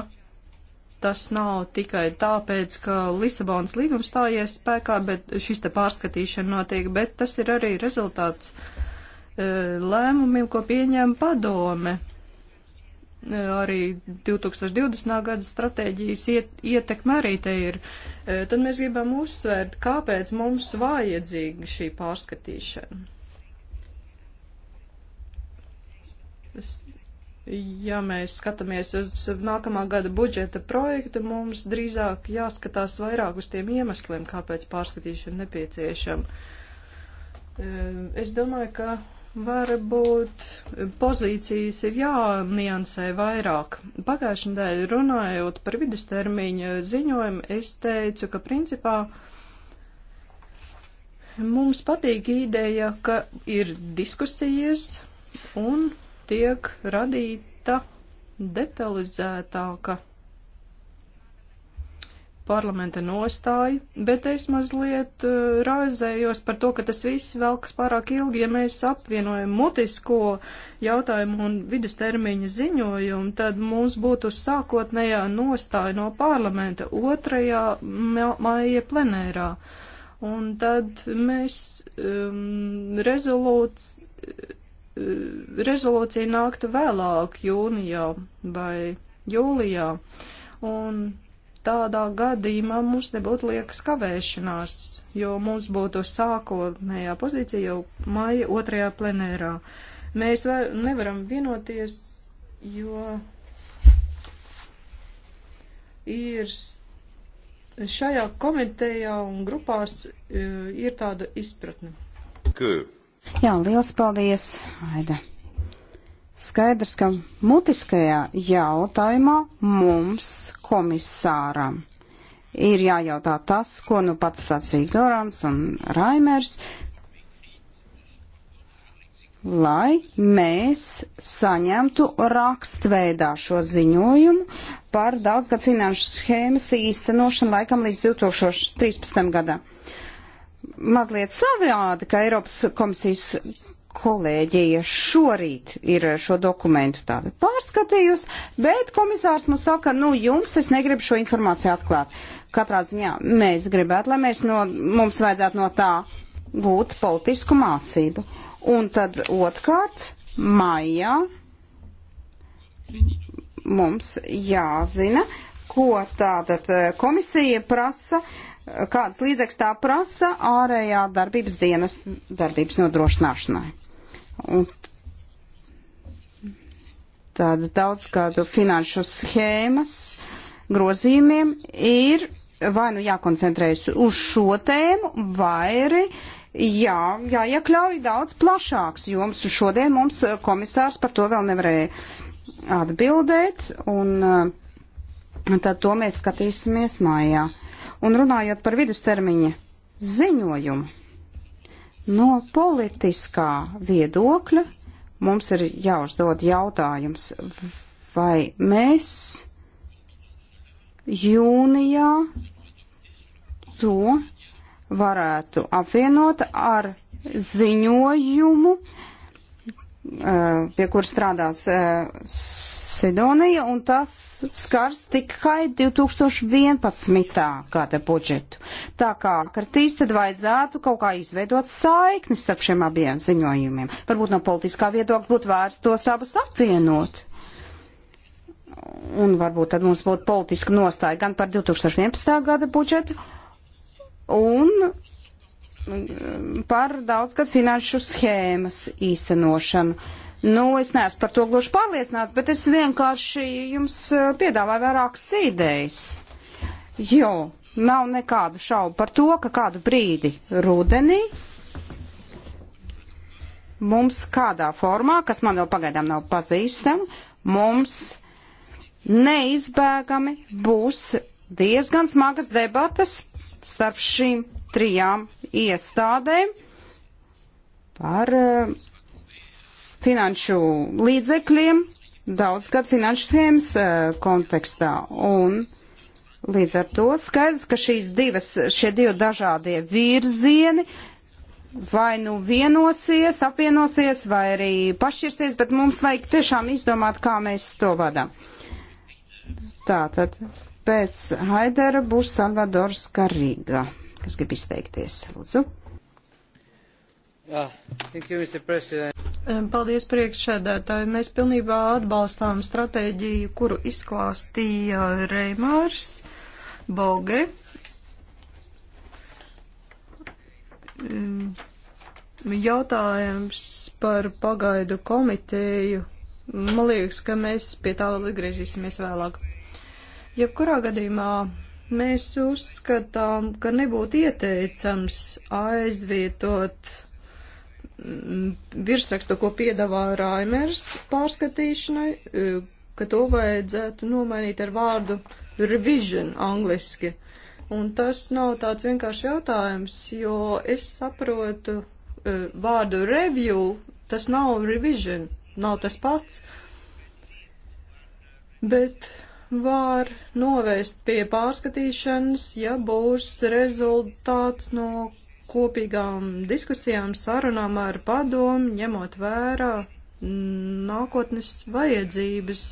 tas nav tikai tāpēc, ka Lisabonas līgums stājies spēkā, bet šis te pārskatīšana notiek, bet tas ir arī rezultāts e, lēmumiem, ko pieņem padome arī 2020. gada stratēģijas iet, ietekme arī te ir, e, tad mēs gribam uzsvērt, kāpēc mums vajadzīga šī pārskatīšana. Es, ja mēs skatāmies uz nākamā gada budžeta projektu, mums drīzāk jāskatās vairāk uz tiem iemesliem, kāpēc pārskatīšana nepieciešama. E, es domāju, ka Varbūt pozīcijas ir jāniansē vairāk. Pagājušajā nedēļā runājot par vidustermiņa ziņojumu, es teicu, ka principā mums patīk ideja, ka ir diskusijas un tiek radīta detalizētāka parlamenta nostāju, bet es mazliet uh, rāzējos par to, ka tas viss velkas pārāk ilgi, ja mēs apvienojam mutisko jautājumu un vidustermiņa ziņojumu, tad mums būtu sākotnējā nostāja no parlamenta 2. maija plenērā. Un tad mēs um, rezolūts, uh, rezolūcija nāktu vēlāk jūnijā vai jūlijā. Un Tādā gadījumā mums nebūtu liekas kavēšanās, jo mums būtu sākotnējā pozīcija jau maija otrajā plenērā. Mēs var, nevaram vienoties, jo ir šajā komitejā un grupās e, ir tāda izpratne. Kū. Jā, liels paldies, Aida. Skaidrs, ka mutiskajā jautājumā mums komisāram ir jājautā tas, ko nu pats sacīja Gorans un Raimers, lai mēs saņemtu rakstveidā šo ziņojumu par daudzgad finanšu schēmas īstenošanu laikam līdz 2013. gadam. Mazliet savādi, ka Eiropas komisijas kolēģija šorīt ir šo dokumentu tādu pārskatījusi, bet komisārs mums saka, nu jums es negribu šo informāciju atklāt. Katrā ziņā mēs gribētu, lai mēs no, mums vajadzētu no tā gūt politisku mācību. Un tad otrkārt, maijā mums jāzina, ko tātad komisija prasa, kādas līdzekļas tā prasa ārējā darbības dienas darbības nodrošināšanai. Un tāda daudz kādu finanšu schēmas grozījumiem ir vai nu jākoncentrējas uz šo tēmu, vai arī jā, jāiekļauj daudz plašāks joms. Šodien mums komisārs par to vēl nevarēja atbildēt, un tad to mēs skatīsimies mājā. Un runājot par vidustermiņa ziņojumu. No politiskā viedokļa mums ir jāuzdod jautājums, vai mēs jūnijā to varētu apvienot ar ziņojumu, uh, Eh, pie kur strādās eh, Sidonija, un tas skars tikai 2011. gada budžetu. Tā kā kartīs, tad vajadzētu kaut kā izveidot saikni starp šiem abiem ziņojumiem. Varbūt no politiskā viedokļa būtu vērts tos abus apvienot. Un varbūt tad mums būtu politiska nostāja gan par 2011. gada budžetu, un par daudzgad finanšu schēmas īstenošanu. Nu, es neesmu par to gluži pārliecināts, bet es vienkārši jums eh, piedāvāju vairākas idejas. Jo nav nekādu šaubu par to, ka kādu brīdi rudenī mums kādā formā, kas man vēl pagaidām nav pazīstama, mums neizbēgami būs diezgan smagas debatas starp šīm trijām iestādēm par eh, finanšu līdzekļiem daudzgad finanšu schēmas eh, kontekstā. Un līdz ar to skaidrs, ka šīs divas, šie divi dažādie virzieni vai nu vienosies, apvienosies, vai arī pašķirsies, bet mums vajag tiešām izdomāt, kā mēs to vadām. Tātad pēc Haidera būs Salvadors Garīga kas grib izteikties. Lūdzu. Yeah. You, Paldies priekšsēdētāji. Mēs pilnībā atbalstām stratēģiju, kuru izklāstīja Reimārs Boge. Jautājums par pagaidu komiteju. Man liekas, ka mēs pie tā vēl atgriezīsimies vēlāk. Jebkurā gadījumā Mēs uzskatām, ka nebūtu ieteicams aizvietot mm, virsrakstu, ko piedāvā Raimers pārskatīšanai, eh, ka to vajadzētu nomainīt ar vārdu revision angliski. Un tas nav tāds vienkārši jautājums, jo es saprotu eh, vārdu review, tas nav revision, nav tas pats. Bet var novest pie pārskatīšanas, ja būs rezultāts no kopīgām diskusijām, sarunām ar padomu, ņemot vērā nākotnes vajadzības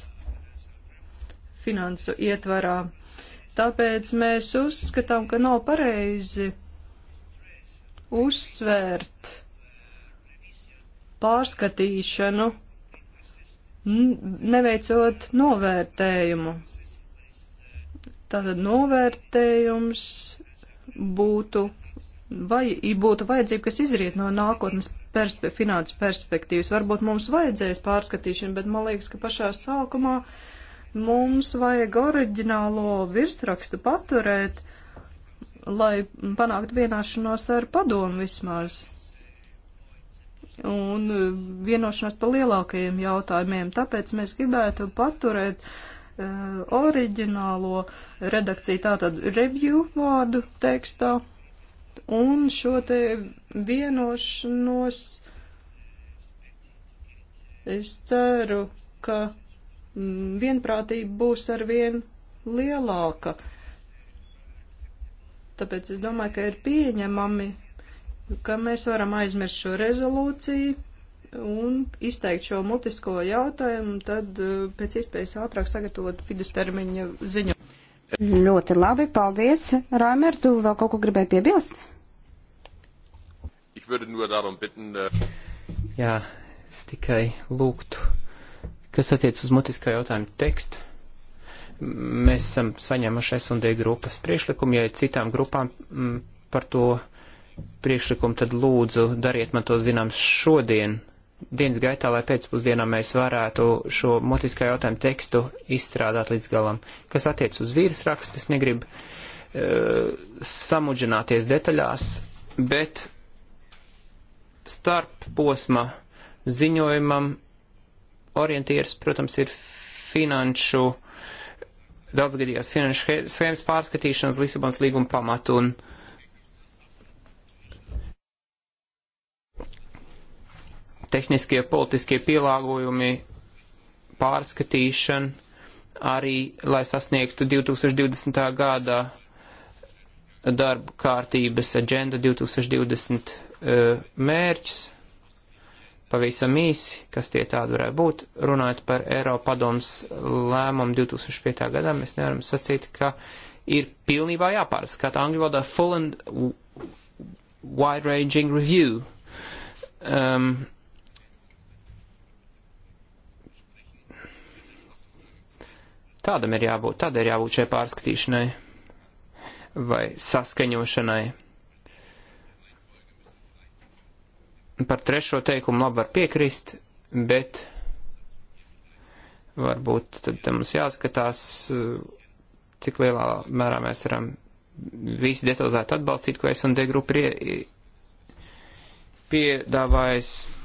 finansu ietvarā. Tāpēc mēs uzskatām, ka nav pareizi uzsvērt pārskatīšanu neveicot novērtējumu. Tātad novērtējums būtu, vai, būtu vajadzība, kas izriet no nākotnes perspe, finanses perspektīvas. Varbūt mums vajadzēs pārskatīšanu, bet man liekas, ka pašā sākumā mums vajag oriģinālo virsrakstu paturēt, lai panāktu vienāšanos ar padomu vismaz un e, vienošanās par lielākajiem jautājumiem. Tāpēc mēs gribētu paturēt uh, oriģinālo redakciju, tātad review vārdu tekstā, un šo te vienošanos es ceru, ka vienprātība būs arvien lielāka. Tāpēc es domāju, ka ir pieņemami ka mēs varam aizmirst šo rezolūciju un izteikt šo mutisko jautājumu, tad uh, pēc iespējas ātrāk sagatavot vidustermiņa ziņu. Ļoti labi, paldies. Raimer, tu vēl kaut ko gribēji piebilst? Bitten, uh... Jā, es tikai lūgtu, kas attiec uz mutiskā jautājuma tekstu. Mēs esam saņēmuši S&D grupas priešlikumu, ja citām grupām m, par to priekšlikumu, tad lūdzu dariet man to zināms šodien, dienas gaitā, lai pēcpusdienā mēs varētu šo motiskā jautājumu tekstu izstrādāt līdz galam. Kas attiec uz vīras rakstas, negribu uh, samudžināties detaļās, bet starp posma ziņojumam orientieris, protams, ir finanšu, daudzgadījās finanšu schēmas pārskatīšanas Lisabonas līguma pamatu un uh, tehniskie politiskie pielāgojumi, pārskatīšana arī, lai sasniegtu 2020. gada darba kārtības agenda 2020 uh, e, mērķis. Pavisam īsi, kas tie tādi varētu būt, runājot par Eiropadoms lēmumu 2005. gadā, mēs nevaram sacīt, ka ir pilnībā jāpārskata angļu valodā full and wide-ranging review. Um, Tādam ir jābūt, tādai ir jābūt šai pārskatīšanai vai saskaņošanai. Par trešo teikumu labi var piekrist, bet varbūt tad mums jāskatās, cik lielā mērā mēs varam visi detalizēti atbalstīt, ko S&D grupa ir piedāvājis. Pie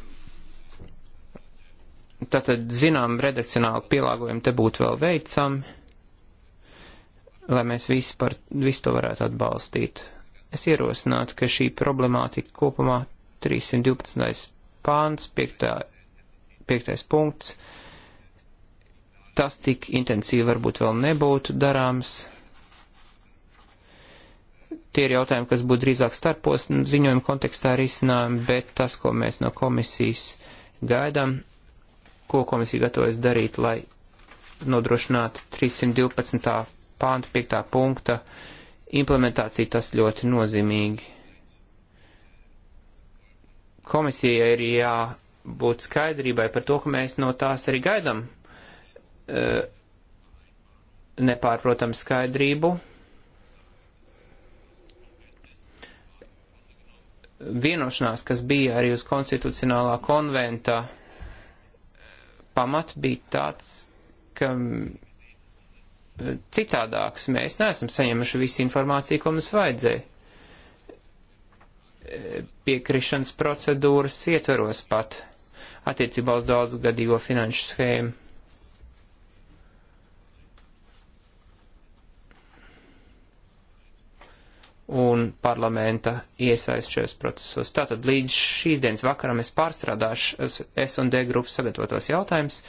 Tātad, zinām, redakcionāli pielāgojumi te būtu vēl veicami, lai mēs visi par visu to varētu atbalstīt. Es ierosinātu, ka šī problemātika kopumā 312. pāns, 5. 5. punkts, tas tik intensīvi varbūt vēl nebūtu darāms tie ir jautājumi, kas būtu drīzāk starpos ziņojuma kontekstā risinājumi, bet tas, ko mēs no komisijas gaidām, ko komisija gatavojas darīt, lai nodrošinātu 312. pānta 5. punkta implementāciju, tas ļoti nozīmīgi. Komisija ir jābūt skaidrībai par to, ka mēs no tās arī gaidam e, nepārprotam skaidrību. Vienošanās, kas bija arī uz konstitucionālā konventa pamat bija tāds, ka e, citādāks mēs neesam saņemuši visu informāciju, ko mums vajadzēja. E, piekrišanas procedūras ietveros pat attiecībā uz daudzgadīgo finanšu schēmu. un parlamenta iesaist šajos procesos. Tātad līdz šīs dienas vakaram es pārstrādāšu S&D grupas sagatavotos jautājumus,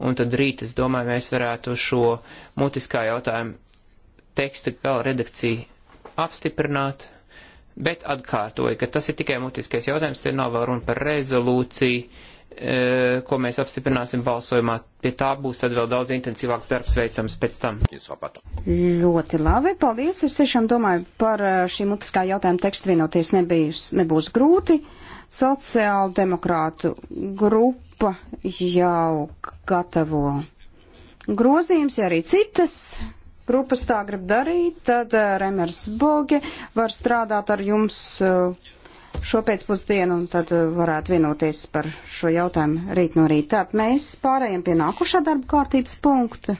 un tad rīt, es domāju, mēs varētu šo mutiskā jautājuma teksta gala redakciju apstiprināt, bet atkārtoju, ka tas ir tikai mutiskais jautājums, te nav vēl runa par rezolūciju, E, ko mēs apstiprināsim balsojumā. Pie tā būs tad vēl daudz intensīvāks darbs veicams pēc tam. Ļoti labi, paldies. Es tiešām domāju par e, šī mutiskā jautājuma tekstu vienoties nebijus, nebūs grūti. Sociāla demokrātu grupa jau gatavo grozījums, ja arī citas grupas tā grib darīt, tad e, Remers Boge var strādāt ar jums. Uh, šo pēcpusdienu, un tad eh, varētu vienoties par šo jautājumu rīt no rīta. Tātad mēs pārējiem pie nākušā darba kārtības punkta.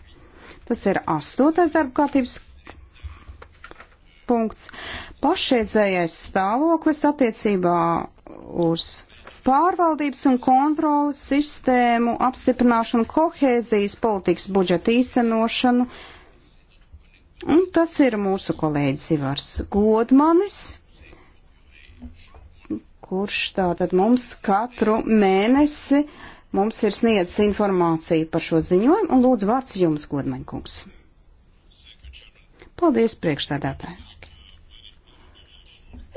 Tas ir astotais darba kārtības punkts. Pašreizējais stāvoklis attiecībā uz pārvaldības un kontrolas sistēmu apstiprināšanu, kohēzijas politikas budžeta īstenošanu. Un tas ir mūsu kolēģis Ivars Godmanis kurš tātad mums katru mēnesi mums ir sniedzis informāciju par šo ziņojumu, un lūdzu vārds jums, godmaņkungs. Paldies, priekšsēdētāji.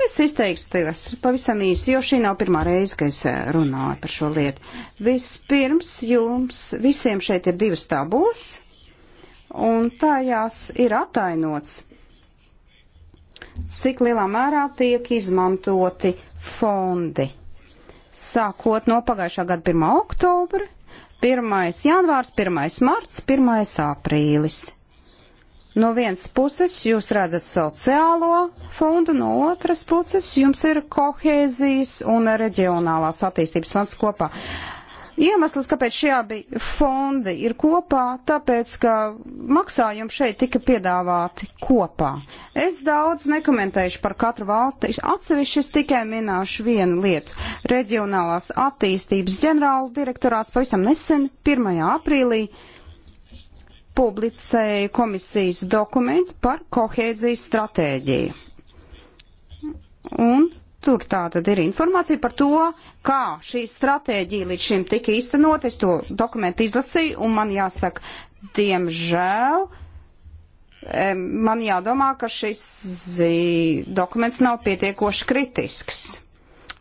Es izteikstos pavisam īsi, jo šī nav pirmā reize, ka es eh, runāju par šo lietu. Vispirms jums visiem šeit ir divas tabulas, un tajās ir atainots, cik lielā mērā tiek izmantoti fondi. Sākot no pagājušā gada 1. oktobra, 1. janvārs, 1. marts, 1. aprīlis. No vienas puses jūs redzat sociālo fondu, no otras puses jums ir kohēzijas un reģionālās attīstības fonds kopā. Uh, Iemesls, kāpēc šie abi fondi ir kopā, tāpēc, ka maksājumi šeit tika piedāvāti kopā. Es daudz nekomentēšu par katru valsti, atsevišķi es tikai minēšu vienu lietu. Reģionālās attīstības ģenerāla direktorāts pavisam nesen, 1. aprīlī, publicēja komisijas dokumentu par kohēzijas stratēģiju. Un Tur tā tad ir informācija par to, kā šī stratēģija līdz šim tika īstenot. Es to dokumentu izlasīju, un man jāsaka, diemžēl, man jādomā, ka šis dokuments nav pietiekoši kritisks.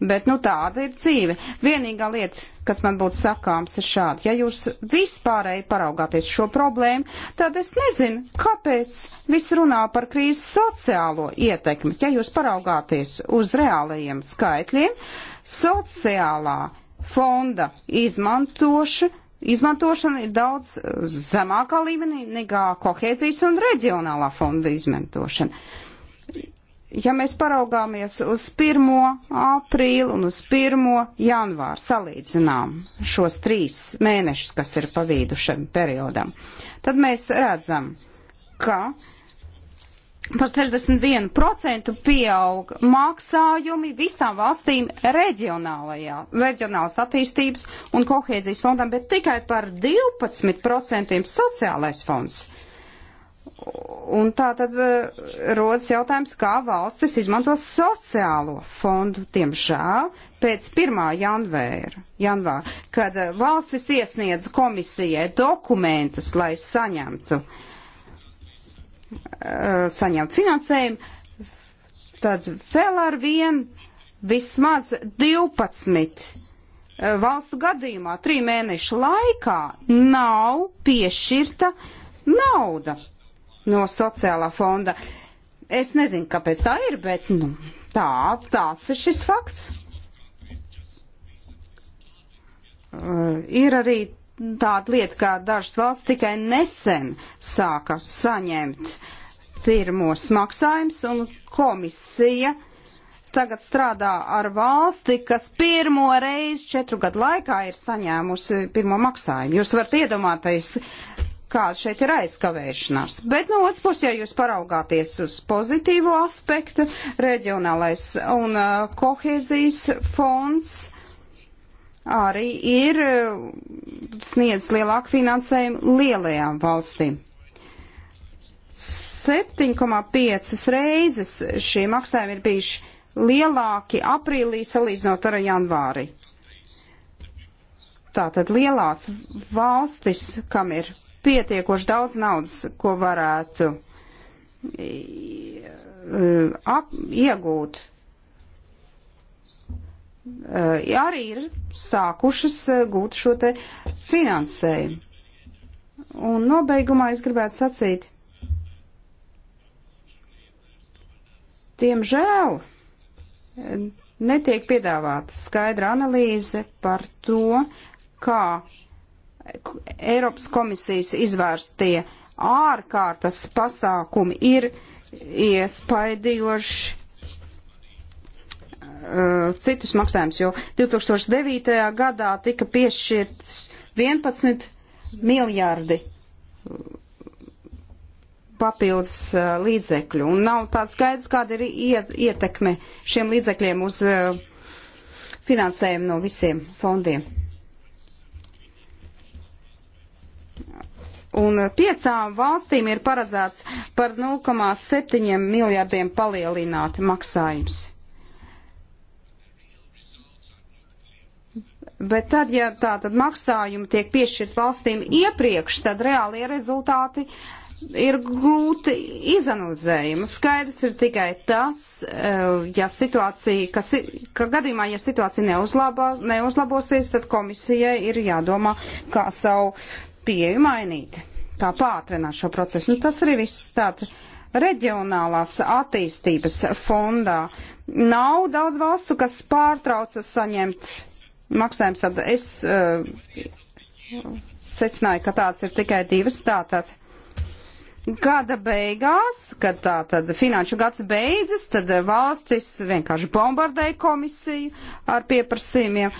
Bet nu, tāda ir dzīve. Vienīgā lieta, kas man būtu sakāms, ir šāda. Ja jūs vispārēji paraugāties šo problēmu, tad es nezinu, kāpēc viss runā par krīzes sociālo ietekmi. Ja jūs paraugāties uz reālajiem skaitļiem, sociālā fonda izmantoša, izmantošana ir daudz zemākā līmenī nekā kohēzijas un reģionālā fonda izmantošana ja mēs paraugāmies uz 1. aprīlu un uz 1. janvāru, salīdzinām šos trīs mēnešus, kas ir pavīdušam periodam, tad mēs redzam, ka par 61% pieaug maksājumi visām valstīm reģionālās attīstības un kohēzijas fondam, bet tikai par 12% sociālais fonds. Un tā tad eh, rodas jautājums, kā valstis izmanto sociālo fondu. Tiemžēl pēc 1. janvēra, janvāra, kad eh, valstis iesniedz komisijai dokumentus, lai saņemtu, eh, saņemtu finansējumu, tad vēl ar vien vismaz 12 valstu gadījumā, 3 mēnešu laikā, nav piešķirta nauda no sociālā fonda. Es nezinu, kāpēc tā ir, bet nu, tā, tāds ir šis fakts. Uh, ir arī tāda lieta, kā dažas valsts tikai nesen sāka saņemt pirmos maksājumus, un komisija tagad strādā ar valsti, kas pirmo reizi četru gadu laikā ir saņēmusi pirmo maksājumu. Jūs varat iedomāties, kāda šeit ir aizkavēšanās. Bet no otras puses, ja jūs paraugāties uz pozitīvo aspektu, reģionālais un uh, kohēzijas fonds arī ir uh, sniedz lielāku finansējumu lielajām valstīm. 7,5 reizes šie maksājumi ir bijuši lielāki aprīlī salīdzinot ar janvāri. Tātad lielās valstis, kam ir pietiekoši daudz naudas, ko varētu e, ap, iegūt. E, arī ir sākušas e, gūt šo te finansējumu. Un nobeigumā es gribētu sacīt, diemžēl netiek piedāvāta skaidra analīze par to, kā Eiropas komisijas izvērstie ārkārtas pasākumi ir iespaidījoši uh, citus maksājumus, jo 2009. gadā tika piešķirts 11 miljārdi papildus uh, līdzekļu. Un nav tāds skaidrs, kāda ir iet, ietekme šiem līdzekļiem uz uh, finansējumu no visiem fondiem. un eh, piecām valstīm ir paredzēts par 0,7 miljardiem palielināt maksājums. Bet tad, ja tā tad maksājumi tiek piešķirt valstīm iepriekš, tad reālie rezultāti ir grūti izanalizējumi. Skaidrs ir tikai tas, eh, ja situācija, ka, ka gadījumā, ja situācija neuzlabā, neuzlabosies, tad komisijai ir jādomā, kā savu pieeju mainīt, tā pātrināt šo procesu. Un nu, tas arī viss tāda reģionālās attīstības fondā. Nav daudz valstu, kas pārtrauca saņemt maksājums, tad es uh, secināju, ka tāds ir tikai divas. Tātad gada beigās, kad tā tad finanšu gads beidzas, tad valstis vienkārši bombardēja komisiju ar pieprasījumiem,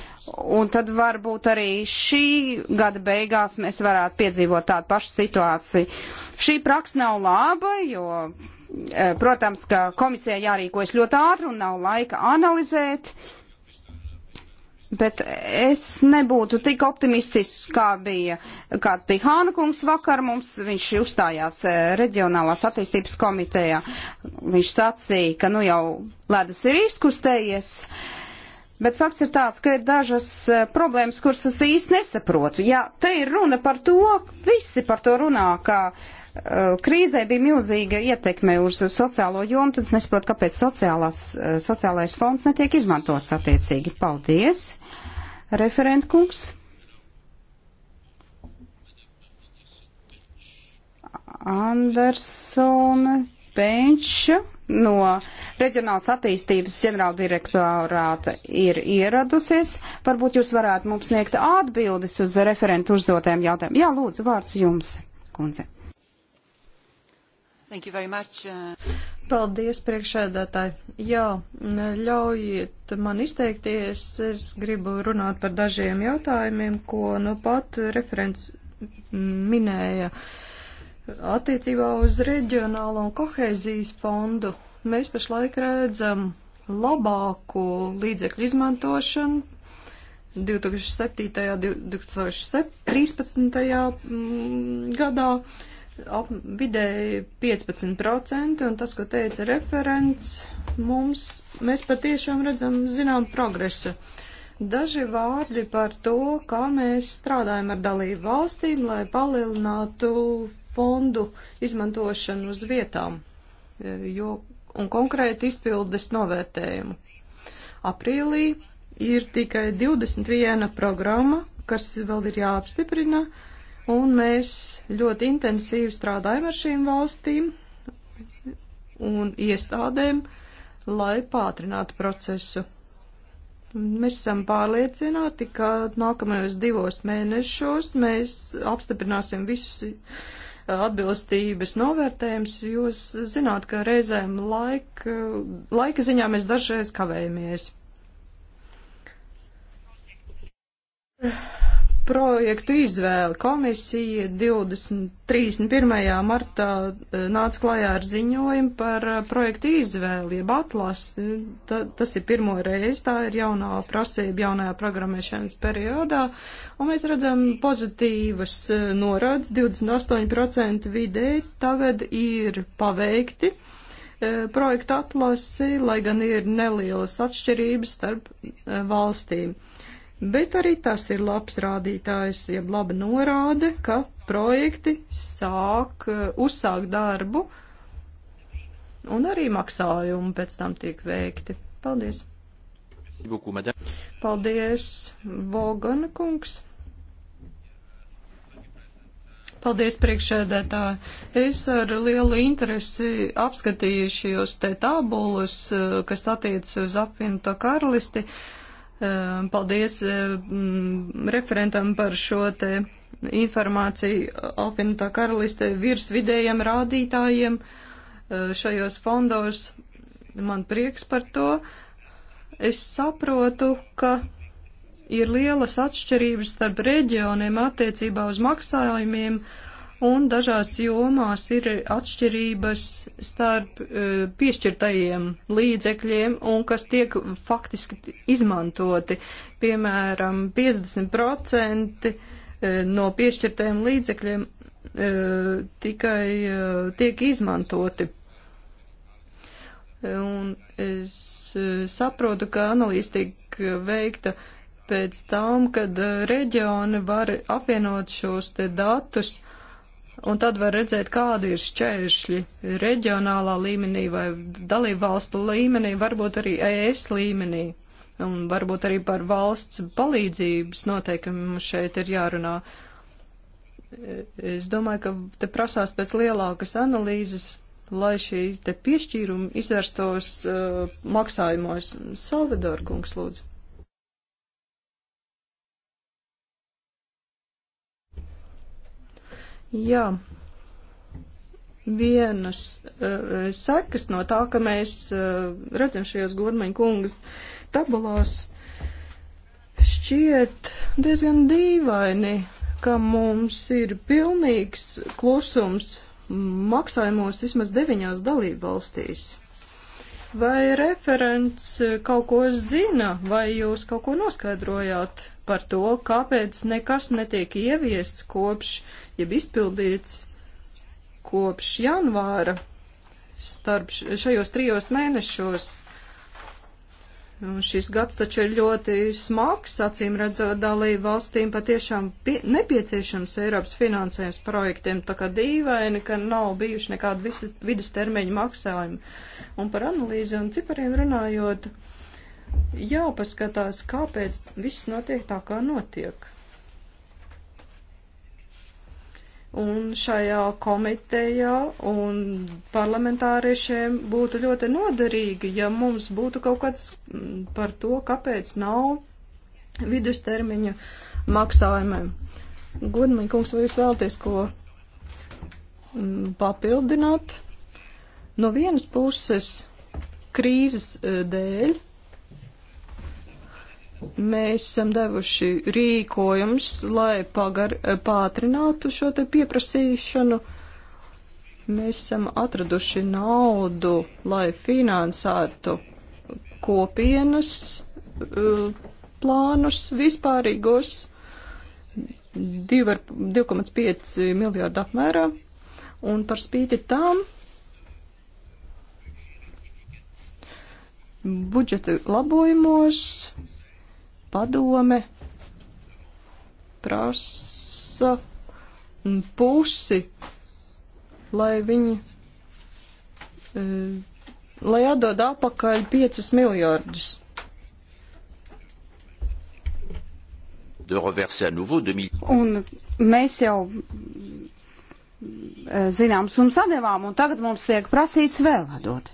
un tad varbūt arī šī gada beigās mēs varētu piedzīvot tādu pašu situāciju. Šī praksa nav laba, jo, eh, protams, ka komisija jārīkojas ļoti ātri un nav laika analizēt. Uh, Bet es nebūtu tik optimistisks, kā bija, kāds bija Hāna kungs vakar mums. Viņš uzstājās eh, reģionālās attīstības komitejā. Viņš sacīja, ka nu jau ledus ir izkustējies. Bet fakts ir tāds, ka ir dažas eh, problēmas, kuras es īsti nesaprotu. Ja te ir runa par to, visi par to runā, ka uh, krīzē bija milzīga ietekme uz sociālo jomu, tad es nesaprotu, kāpēc sociālās, sociālais fonds netiek izmantots attiecīgi. Paldies! referentkungs. Andersona Benča no Reģionālas attīstības ģenerāldirektorāta ir ieradusies. Varbūt jūs varētu mums sniegt atbildes uz referentu uzdotiem jautājumiem. Jā, lūdzu, vārds jums, kundze. Much, uh... Paldies, priekšēdētāji. Jā, ļaujiet man izteikties. Es gribu runāt par dažiem jautājumiem, ko nu pat referents minēja attiecībā uz reģionālo un kohēzijas fondu. Mēs pašlaik redzam labāku līdzekļu izmantošanu 2007. un 2013. gadā ap, vidēji 15%, un tas, ko teica referents, mums, mēs patiešām redzam, zinām, progresu. Daži vārdi par to, kā mēs strādājam ar dalību valstīm, lai palielinātu fondu izmantošanu uz vietām jo, un konkrēti izpildes novērtējumu. Aprīlī ir tikai 21 programma, kas vēl ir jāapstiprina, uh, un mēs ļoti intensīvi strādājam ar šīm valstīm un iestādēm, lai pātrinātu procesu. Mēs esam pārliecināti, ka nākamajos divos mēnešos mēs apstiprināsim visus atbilstības novērtējums, jūs zināt, ka reizēm laika, laika ziņā mēs dažreiz kavējamies projektu izvēli. Komisija 20, 31. martā e, nāca klajā ar ziņojumu par e, projektu izvēli, jeb atlas. Ta, tas ir pirmo reizi, tā ir jaunā prasība jaunajā programmēšanas periodā, un mēs redzam pozitīvas norādes, 28% vidēji tagad ir paveikti e, projektu atlasi, lai gan ir nelielas atšķirības starp valstīm bet arī tas ir labs rādītājs, jeb laba norāde, ka projekti sāk, eh, uzsāk darbu un arī maksājumi pēc tam tiek veikti. Paldies! Paldies, Vogana kungs! Paldies, priekšēdētāji! Es ar lielu interesi apskatīju šos te tabulas, eh, kas attiecas uz apvienoto karalisti. Uh, Ehm, paldies ehm, referentam par šo te informāciju apvienotā karaliste virs vidējiem rādītājiem ehm, šajos fondos. Man prieks par to. Es saprotu, ka ir lielas atšķirības starp reģioniem attiecībā uz maksājumiem. Uh, un dažās jomās ir atšķirības starp uh, piešķirtajiem līdzekļiem un kas tiek faktiski izmantoti. Piemēram, 50% e, no piešķirtajiem līdzekļiem uh, tikai uh, tiek izmantoti. Un es saprotu, ka analīze tiek veikta pēc tam, kad reģioni var apvienot šos te datus uh, un tad var redzēt, kādi ir šķēršļi reģionālā līmenī vai dalībvalstu līmenī, varbūt arī ES līmenī. Un varbūt arī par valsts palīdzības noteikumiem šeit ir jārunā. Es domāju, ka te prasās pēc lielākas analīzes, lai šī te piešķīruma izvērstos uh, maksājumos. Salvador kungs, lūdzu. Jā. Vienas uh, sekas no tā, ka mēs uh, redzam šajos godmaņu kungas tabulās, šķiet diezgan dīvaini, ka mums ir pilnīgs klusums maksājumos vismaz deviņās dalībvalstīs. Vai referents eh, kaut ko zina, vai jūs kaut ko noskaidrojāt par to, kāpēc nekas netiek ieviests kopš jeb izpildīts kopš janvāra starp šajos trijos mēnešos. Un šis gads taču ir ļoti smags, acīm redzot, dalību valstīm patiešām pie, nepieciešams Eiropas finansējums projektiem, tā kā dīvaini, ka nav bijuši nekādi vidustermiņu maksājumi. Un par analīzi un cipariem runājot, jāpaskatās, kāpēc viss notiek tā, kā notiek. Un šajā komitejā un parlamentāriešiem būtu ļoti noderīgi, ja mums būtu kaut kāds mm, par to, kāpēc nav vidustermiņa maksājumiem. Godmaņa kungs, vai jūs vēlties ko mm, papildināt? No vienas puses krīzes eh, dēļ Mēs esam devuši rīkojums, lai pagar, pātrinātu šo te pieprasīšanu. Mēs esam atraduši naudu, lai finansētu kopienas e, plānus vispārīgos 2,5 miljārdu apmērā. Un par spīti tām budžeta labojumos padome prasa pusi, lai viņi, e, lai atdod apakaļ 5 miljardus. Un mēs jau e, zinām summas atdevām, un tagad mums tiek prasīts vēl atdot.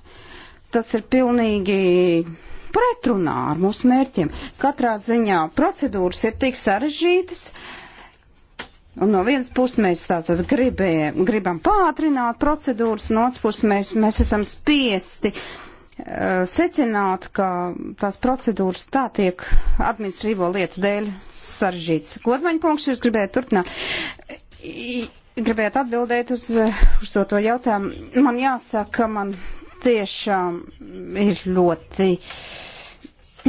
Tas ir pilnīgi pretrunā ar mūsu mērķiem. Katrā ziņā procedūras ir tik sarežģītas. Un no vienas puses mēs tātad gribē, gribam pātrināt procedūras, no otras puses mēs, mēs esam spiesti uh, secināt, ka tās procedūras tā tiek administrīvo lietu dēļ sarežģītas. Godmaņa kungs, jūs gribējāt turpināt. Gribētu atbildēt uz, eh, uz to, to jautājumu. Man jāsaka, man tiešām ir ļoti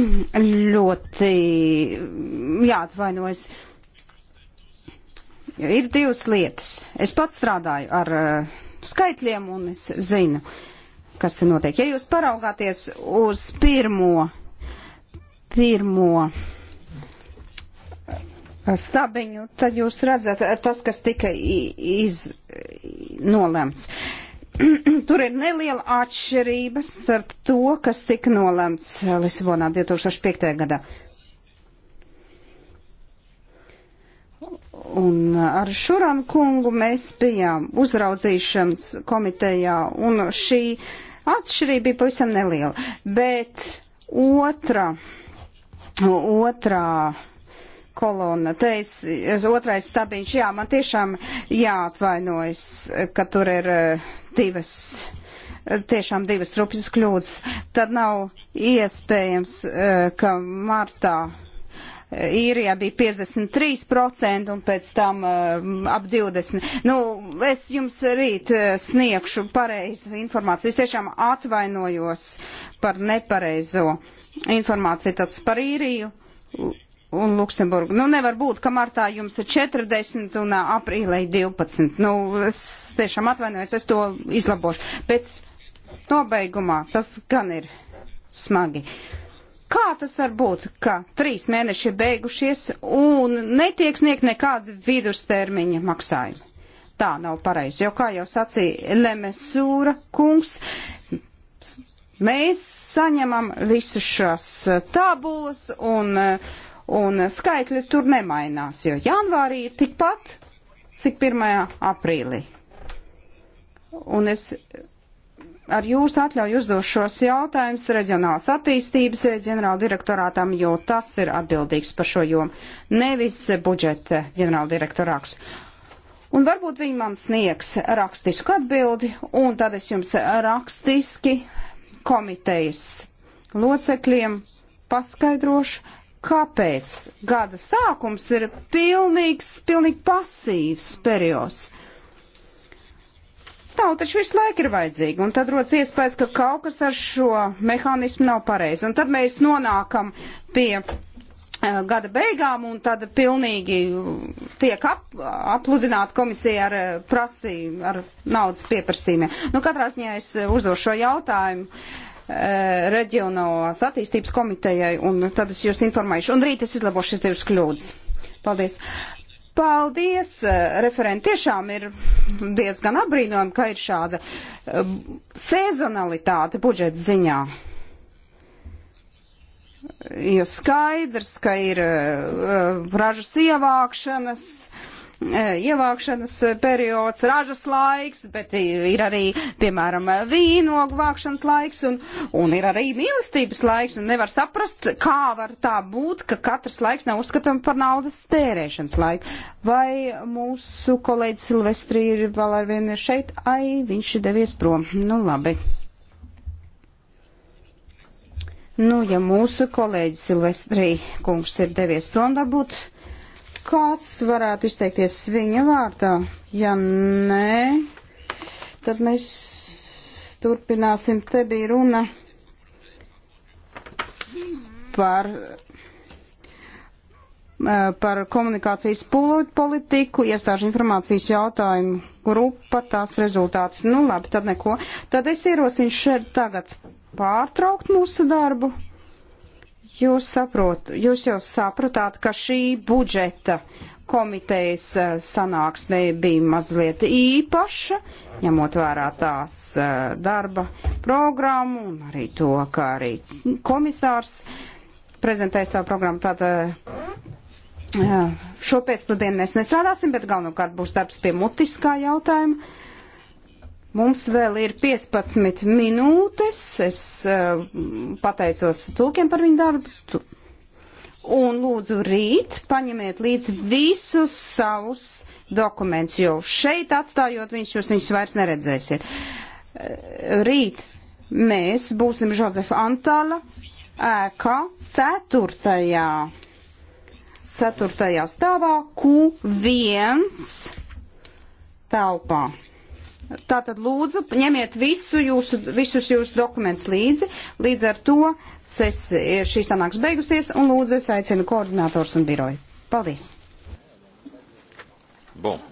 ļoti jāatvainojas. Ir divas lietas. Es pats strādāju ar uh, skaitļiem un es zinu, kas te notiek. Ja jūs paraugāties uz pirmo, pirmo eh, stabiņu, tad jūs redzat eh, tas, kas tika iz, nolemts. Uh, (clears throat) Tur ir neliela atšķirība starp to, kas tika nolemts Lisabonā 2005. gadā. Un ar Šuranu kungu mēs bijām uzraudzīšanas komitejā, un šī atšķirība bija pavisam neliela. Bet otra, otrā kolonna. Te es, otrais stabiņš, jā, man tiešām jāatvainojas, ka tur ir divas tiešām divas rupjas kļūdas, tad nav iespējams, eh, ka martā eh, īrijā bija 53% un pēc tam eh, ap 20%. Nu, es jums rīt sniegšu pareizu informāciju. Es tiešām atvainojos par nepareizo informāciju. Tas par īriju un Luksemburgu. Nu, nevar būt, ka martā jums ir 40 un aprīlē 12. Nu, es tiešām atvainojos, es to izlabošu. Bet nobeigumā tas gan ir smagi. Kā tas var būt, ka trīs mēneši ir beigušies un netiek sniegt nekādu vidustermiņa maksājumu? Tā nav pareizi, jo, kā jau sacīja Lemesūra kungs, mēs saņemam visus šās tabulas un uh, un skaitļi tur nemainās, jo janvārī ir tikpat, cik 1. aprīlī. Un es ar jūsu atļauju uzdošu šos jautājumus reģionālas attīstības ģenerāla direktorātam, jo tas ir atbildīgs par šo jomu, nevis budžeta ģenerāla direktorāks. Un varbūt viņi man sniegs rakstisku atbildi, un tad es jums rakstiski komitejas locekļiem paskaidrošu, kāpēc gada sākums ir pilnīgs, pilnīgi pasīvs periods. Tauta taču visu laiku ir vajadzīga, un tad rodas iespējas, ka kaut kas ar šo mehānismu nav pareizi. Un tad mēs nonākam pie uh, gada beigām, un tad pilnīgi uh, tiek ap, apludināta komisija ar uh, prasību, ar naudas pieprasījumiem. Nu, katrā ziņā es uh, uzdošu šo jautājumu. Uh, Eh, reģionālās attīstības komitejai, un tad es jūs informēšu. Un rīt es izlabošu šīs divas kļūdas. Paldies! Paldies, eh, referenti. Tiešām ir diezgan apbrīnojami, ka ir šāda eh, sezonalitāte budžeta ziņā. Jo skaidrs, ka ir ražas ievākšanas, uh, E, ievākšanas periods, ražas laiks, bet ir arī, piemēram, vīnogu vākšanas laiks un, un ir arī mīlestības laiks. Un nevar saprast, kā var tā būt, ka katrs laiks nav uzskatām par naudas tērēšanas laiku. Vai mūsu kolēģis Silvestri ir vēl ar vienu šeit? Ai, viņš ir devies prom. Nu, labi. Nu, ja mūsu kolēģis Silvestri kungs ir devies prom, varbūt. Dabūt... Kāds varētu izteikties viņa vārdā? Ja nē, tad mēs turpināsim. Te bija runa par eh, par komunikācijas politiku, iestāžu informācijas jautājumu grupa, tās rezultātus. Nu labi, tad neko. Tad es ierosinu šeit tagad pārtraukt mūsu darbu. Jūs, saprot, jūs jau sapratāt, ka šī budžeta komitejas eh, sanāksme bija mazliet īpaša, ņemot vērā tās eh, darba programmu un arī to, ka arī komisārs prezentēja savu programmu. Tātad eh, šopēcpusdien mēs nestrādāsim, bet galvenokārt būs darbs pie mutiskā jautājuma. Mums vēl ir 15 minūtes. Es uh, pateicos tulkiem par viņu darbu. Un lūdzu rīt paņemiet līdzi visus savus dokumentus, jo šeit atstājot viņus, jūs viņus vairs neredzēsiet. Uh, rīt mēs būsim Žozefa Antāla ēkā ceturtajā, ceturtajā stāvā Q1 telpā. Tātad lūdzu, ņemiet visu jūsu, visus jūsu dokumentus līdzi. Līdz ar to ses, šī sanāks beigusies un lūdzu es aicinu koordinātors un biroju. Paldies! Bon.